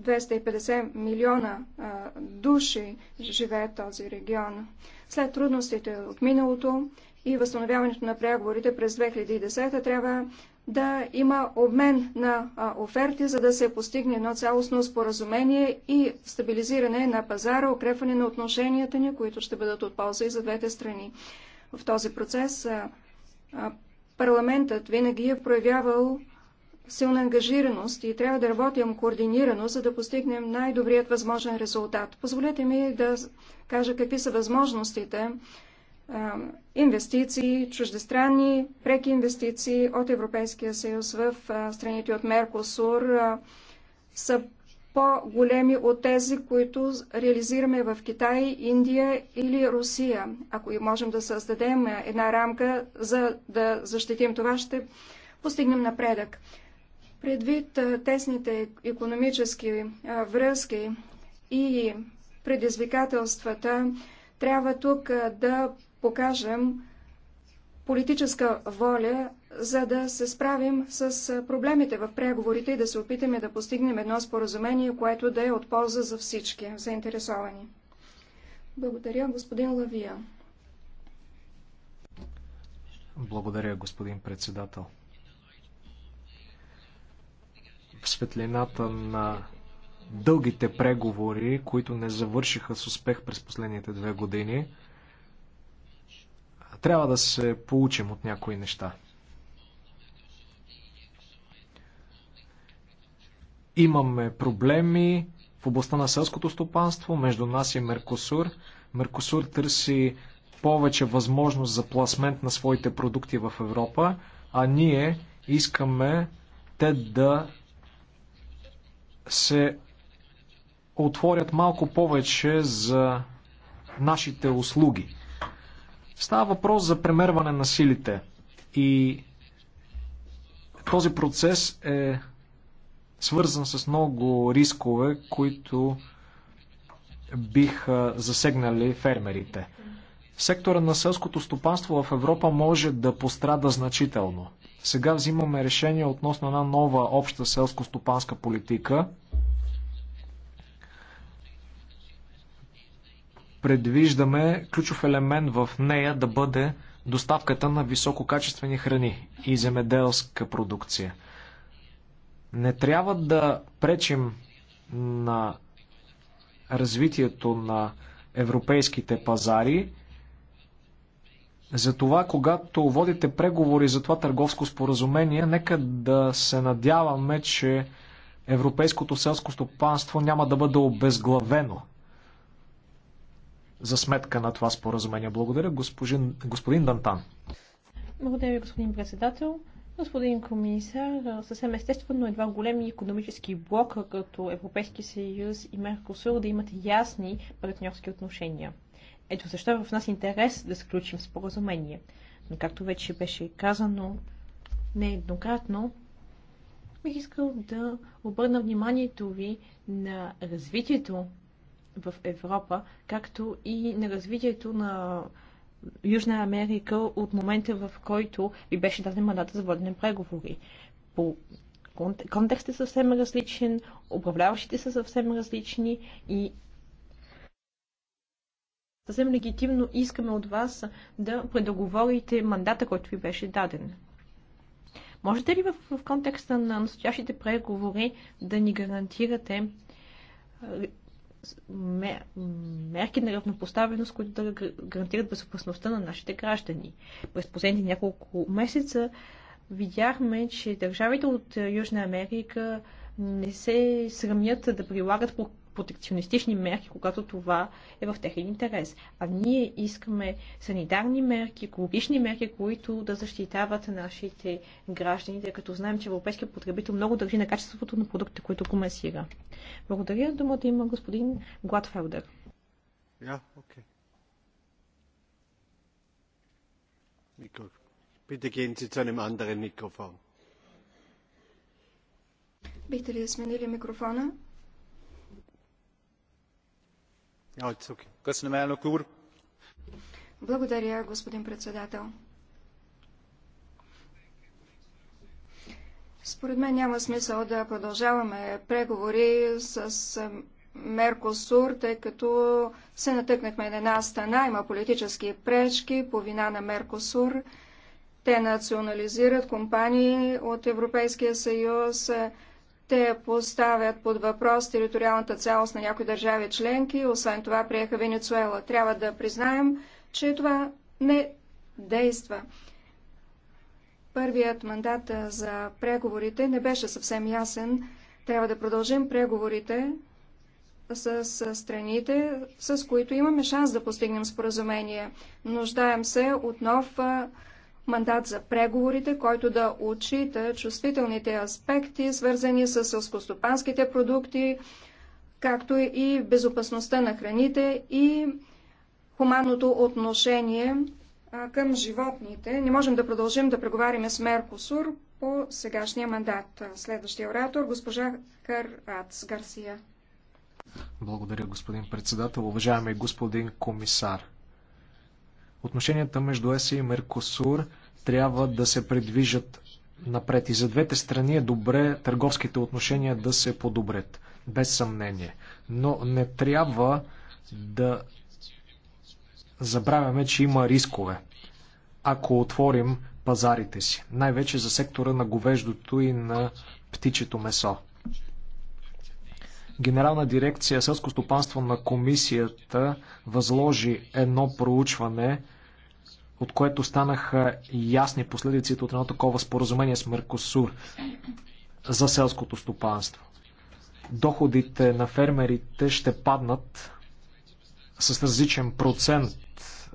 250 милиона а, души живеят в този регион. След трудностите от миналото и възстановяването на преговорите през 2010 трябва да има обмен на а, оферти, за да се постигне едно цялостно споразумение и стабилизиране на пазара, укрепване на отношенията ни, които ще бъдат от полза и за двете страни. В този процес а, парламентът винаги е проявявал силна ангажираност и трябва да работим координирано, за да постигнем най-добрият възможен резултат. Позволете ми да кажа какви са възможностите инвестиции, чуждестранни, преки инвестиции от Европейския съюз в страните от Меркосур са по-големи от тези, които реализираме в Китай, Индия или Русия. Ако и можем да създадем една рамка за да защитим това, ще постигнем напредък. Предвид тесните економически връзки и предизвикателствата, трябва тук да покажем политическа воля, за да се справим с проблемите в преговорите и да се опитаме да постигнем едно споразумение, което да е от полза за всички заинтересовани. Благодаря, господин Лавия. Благодаря, господин председател в светлината на дългите преговори, които не завършиха с успех през последните две години, трябва да се получим от някои неща. Имаме проблеми в областта на селското стопанство между нас и Меркосур. Меркосур търси повече възможност за пласмент на своите продукти в Европа, а ние искаме те да се отворят малко повече за нашите услуги. Става въпрос за премерване на силите и този процес е свързан с много рискове, които биха засегнали фермерите. Сектора на селското стопанство в Европа може да пострада значително. Сега взимаме решение относно една нова обща селско-стопанска политика. Предвиждаме ключов елемент в нея да бъде доставката на висококачествени храни и земеделска продукция. Не трябва да пречим на развитието на европейските пазари, затова, когато водите преговори за това търговско споразумение, нека да се надяваме, че европейското селско стопанство няма да бъде обезглавено за сметка на това споразумение. Благодаря, господин, господин Дантан. Благодаря, господин председател. Господин комисар, съвсем естествено едва големи економически блока като Европейски съюз и Меркосур да имат ясни партньорски отношения. Ето защо е в нас интерес да сключим споразумение. Но както вече беше казано нееднократно, бих искал да обърна вниманието ви на развитието в Европа, както и на развитието на Южна Америка от момента, в който ви беше даден мандата за водене преговори. По контекстът е съвсем различен, управляващите са съвсем различни и съвсем легитимно искаме от вас да предоговорите мандата, който ви беше даден. Можете ли в, в контекста на настоящите преговори да ни гарантирате мерки на равнопоставеност, които да гарантират безопасността на нашите граждани? През последните няколко месеца видяхме, че държавите от Южна Америка не се срамят да прилагат протекционистични мерки, когато това е в техен интерес. А ние искаме санитарни мерки, екологични мерки, които да защитават нашите граждани, тъй като знаем, че европейският потребител много държи на качеството на продукта, които комесира. Благодаря. Думата има господин Гладфелдер. Yeah, okay. Mikro. Bitte gehen Sie zu einem anderen Mikrofon. Бихте ли сменили микрофона? Благодаря, господин председател. Според мен няма смисъл да продължаваме преговори с Меркосур, тъй като се натъкнахме на една страна, има политически пречки по вина на Меркосур. Те национализират компании от Европейския съюз, те поставят под въпрос териториалната цялост на някои държави членки, освен това приеха Венецуела. Трябва да признаем, че това не действа. Първият мандат за преговорите не беше съвсем ясен. Трябва да продължим преговорите с страните, с които имаме шанс да постигнем споразумение. Нуждаем се от нов мандат за преговорите, който да отчита чувствителните аспекти, свързани с скостопанските продукти, както и безопасността на храните и хуманното отношение към животните. Не можем да продължим да преговаряме с Меркосур по сегашния мандат. Следващия оратор, госпожа Карац Гарсия. Благодаря, господин председател. Уважаеми господин комисар, Отношенията между ЕС и Меркосур трябва да се предвижат напред. И за двете страни е добре търговските отношения да се подобрят, без съмнение. Но не трябва да забравяме, че има рискове, ако отворим пазарите си, най-вече за сектора на говеждото и на птичето месо. Генерална дирекция Селско стопанство на комисията възложи едно проучване, от което станаха ясни последиците от едно такова споразумение с Меркосур за селското стопанство. Доходите на фермерите ще паднат с различен процент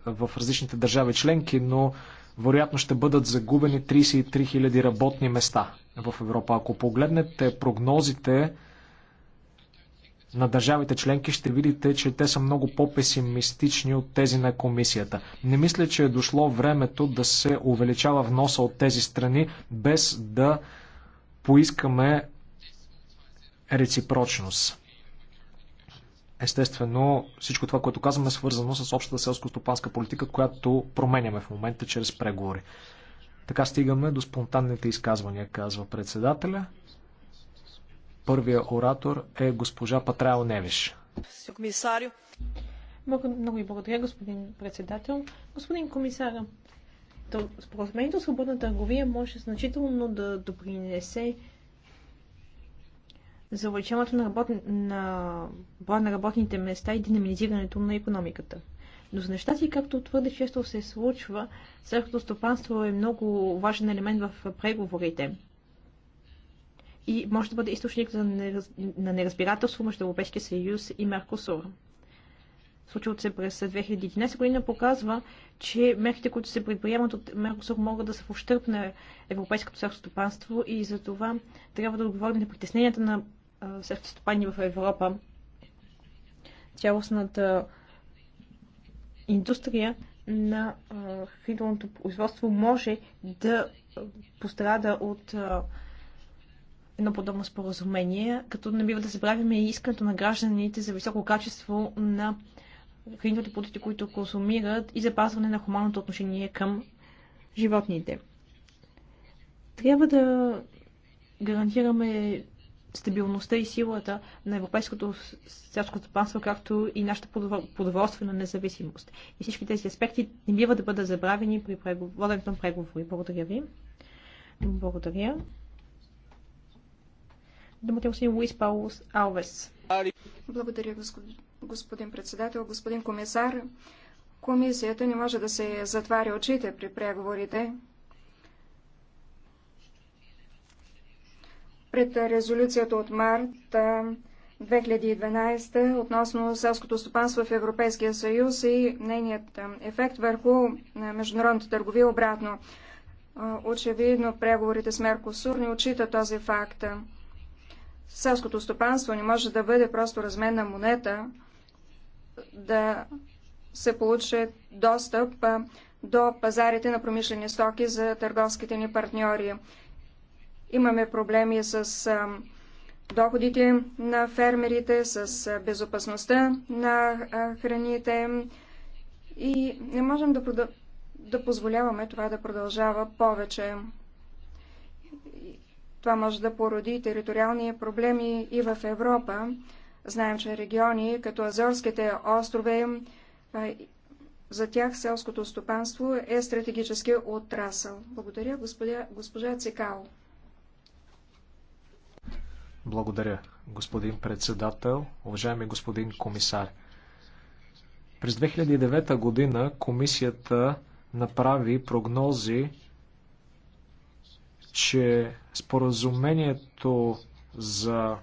в различните държави членки, но вероятно ще бъдат загубени 33 000 работни места в Европа. Ако погледнете прогнозите, на държавите членки, ще видите, че те са много по-песимистични от тези на комисията. Не мисля, че е дошло времето да се увеличава вноса от тези страни, без да поискаме реципрочност. Естествено, всичко това, което казваме, е свързано с общата селско-стопанска политика, която променяме в момента чрез преговори. Така стигаме до спонтанните изказвания, казва председателя. Първия оратор е госпожа Патрао Невиш. Много ви благодаря, господин председател. Господин комисар, споразумението свободна търговия може значително да допринесе за увеличаването на, работ... на на работните места и динамизирането на економиката. Но за неща си, както твърде често се случва, селското стопанство е много важен елемент в преговорите и може да бъде източник на неразбирателство между Европейския съюз и Меркосур. Случилото се през 2011 година показва, че мерките, които се предприемат от Меркосур, могат да са в ущърп на европейското селскостопанство и за това трябва да отговорим на притесненията на селскостопани в Европа. Цялостната индустрия на хранителното производство може да пострада от едно подобно споразумение, като не бива да забравяме и искането на гражданите за високо качество на хранителните продукти, които консумират и запазване на хуманното отношение към животните. Трябва да гарантираме стабилността и силата на европейското селско стопанство, както и нашата продоволствена независимост. И всички тези аспекти не бива да бъдат забравени при воденето на преговори. Благодаря ви. Благодаря. Думата си господин Луис Паулус Алвес. Благодаря, господин председател, господин комисар. Комисията не може да се затваря очите при преговорите. Пред резолюцията от март 2012 относно селското стопанство в Европейския съюз и нейният ефект върху международната търговия обратно. Очевидно преговорите с Меркосур не отчита този факт селското стопанство не може да бъде просто разменна монета, да се получи достъп до пазарите на промишлени стоки за търговските ни партньори. Имаме проблеми с доходите на фермерите, с безопасността на храните и не можем да, да позволяваме това да продължава повече. Това може да породи териториални проблеми и в Европа. Знаем, че региони като Азорските острове, за тях селското стопанство е стратегически отрасъл. Благодаря, господя, госпожа Цикао. Благодаря, господин председател, уважаеми господин комисар. През 2009 година комисията направи прогнози че споразумението за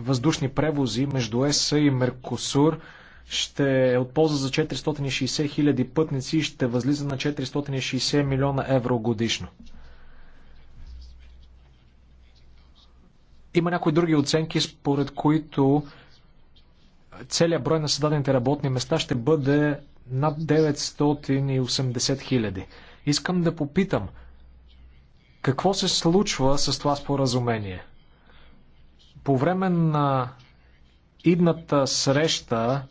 въздушни превози между ЕС и Меркосур ще е от полза за 460 хиляди пътници и ще възлиза на 460 милиона евро годишно. Има някои други оценки, според които целият брой на създадените работни места ще бъде над 980 хиляди. Искам да попитам, какво се случва с това споразумение? По време на идната среща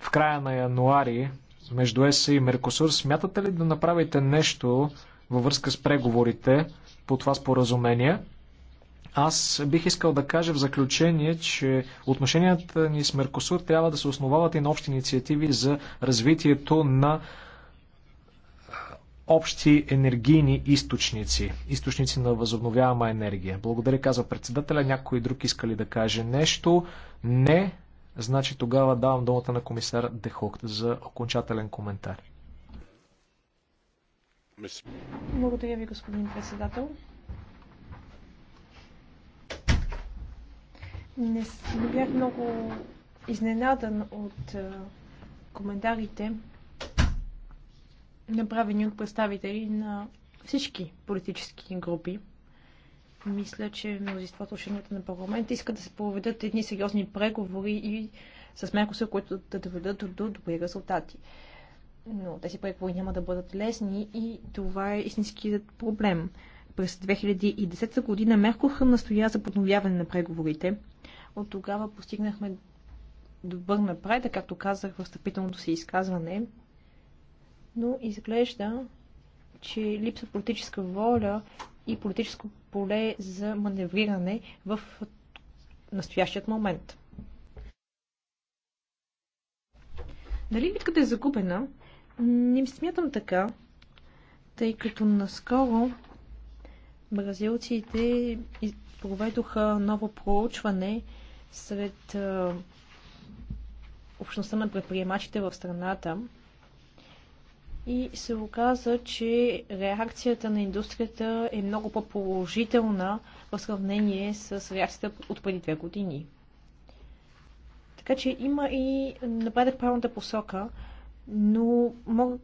в края на януари между ЕС и Меркосур, смятате ли да направите нещо във връзка с преговорите по това споразумение? Аз бих искал да кажа в заключение, че отношенията ни с Меркосур трябва да се основават и на общи инициативи за развитието на общи енергийни източници, източници на възобновяема енергия. Благодаря, казва председателя. Някой друг иска ли да каже нещо? Не. Значи тогава давам думата на комисар Дехок за окончателен коментар. Благодаря ви, господин председател. Не, не бях много изненадан от коментарите направени от представители на всички политически групи. Мисля, че мнозинството членовете на парламент искат да се проведат едни сериозни преговори и с се, които да доведат до, добри резултати. Но тези преговори няма да бъдат лесни и това е истинският проблем. През 2010 година Меркохъм настоя за подновяване на преговорите. От тогава постигнахме добър напредък, както казах в встъпителното си изказване но изглежда, че липсва политическа воля и политическо поле за маневриране в настоящият момент. Дали битката е загубена? Не смятам така, тъй като наскоро бразилците проведоха ново проучване сред общността на предприемачите в страната, и се оказа, че реакцията на индустрията е много по-положителна в сравнение с реакцията от преди две години. Така че има и напредък правилната посока, но, мога,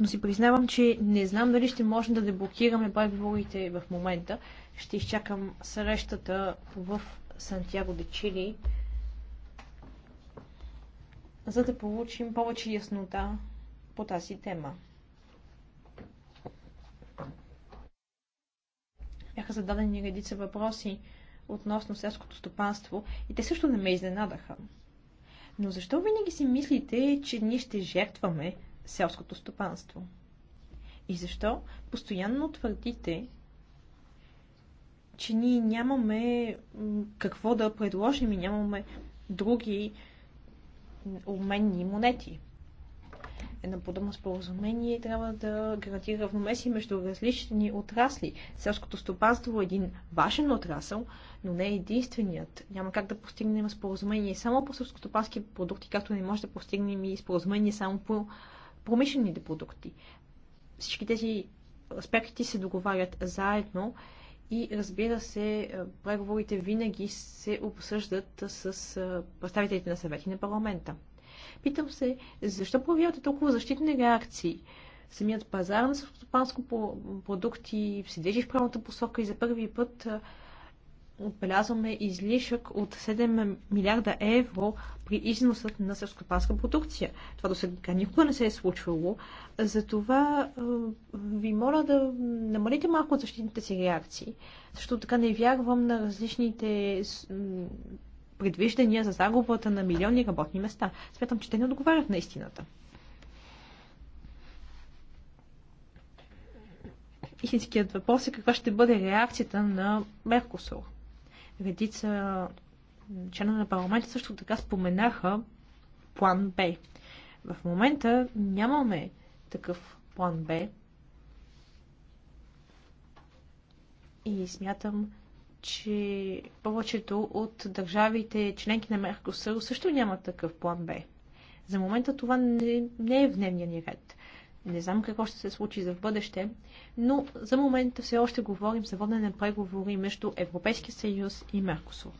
но си признавам, че не знам дали ще можем да деблокираме преговорите в момента. Ще изчакам срещата в Сантьяго де Чили, за да получим повече яснота по тази тема. Бяха зададени редица въпроси относно селското стопанство и те също не ме изненадаха. Но защо винаги си мислите, че ние ще жертваме селското стопанство? И защо постоянно твърдите, че ние нямаме какво да предложим и нямаме други уменни монети? Едно подобно споразумение трябва да гарантира равномесие между различни отрасли. Селското стопанство е един важен отрасъл, но не е единственият. Няма как да постигнем споразумение само по селскостопански продукти, както не може да постигнем и споразумение само по промишлените продукти. Всички тези аспекти се договарят заедно и разбира се, преговорите винаги се обсъждат с представителите на съвети на парламента. Питам се, защо проявявате толкова защитни реакции? Самият пазар на селскостопанско продукти се движи в правилната посока и за първи път отбелязваме излишък от 7 милиарда евро при износът на селскостопанска продукция. Това до сега никога не се е случвало. Затова ви моля да намалите малко от защитните си реакции. защото така не вярвам на различните предвиждания за загубата на милиони работни места. Смятам, че те не отговарят на истината. Истинският въпрос е каква ще бъде реакцията на Меркосур. Редица члена на парламента също така споменаха план Б. В момента нямаме такъв план Б. И смятам, че повечето от държавите членки на Меркосър също нямат такъв план Б. За момента това не, не е в дневния ни ред. Не знам какво ще се случи за в бъдеще, но за момента все още говорим за водене на преговори между Европейския съюз и Меркосур.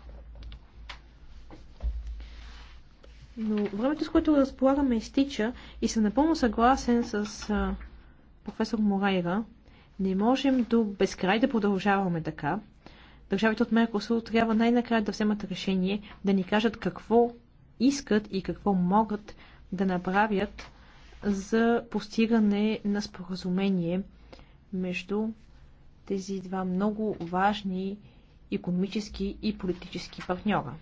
Но времето, с което разполагаме, изтича и съм напълно съгласен с а, професор Морайра. Не можем до безкрай да продължаваме така държавите от Меркосур трябва най-накрая да вземат решение, да ни кажат какво искат и какво могат да направят за постигане на споразумение между тези два много важни економически и политически партньора.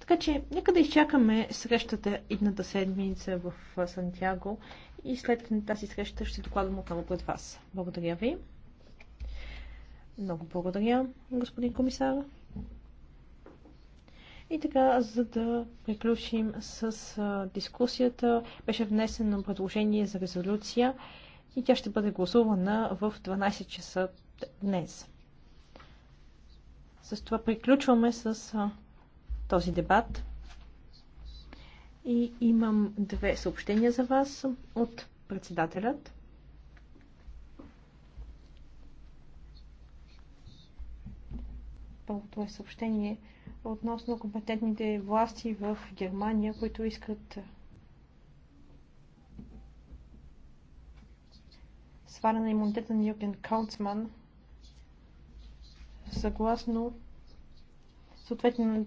Така че, нека да изчакаме срещата идната седмица в Сантьяго и след тази среща ще докладвам отново пред вас. Благодаря ви. Много благодаря, господин комисар. И така, за да приключим с дискусията, беше внесено предложение за резолюция и тя ще бъде гласувана в 12 часа днес. С това приключваме с този дебат. И имам две съобщения за вас от председателят. Първото е съобщение относно компетентните власти в Германия, които искат сваляне на имунитета на Юрген Каунцман съгласно съответната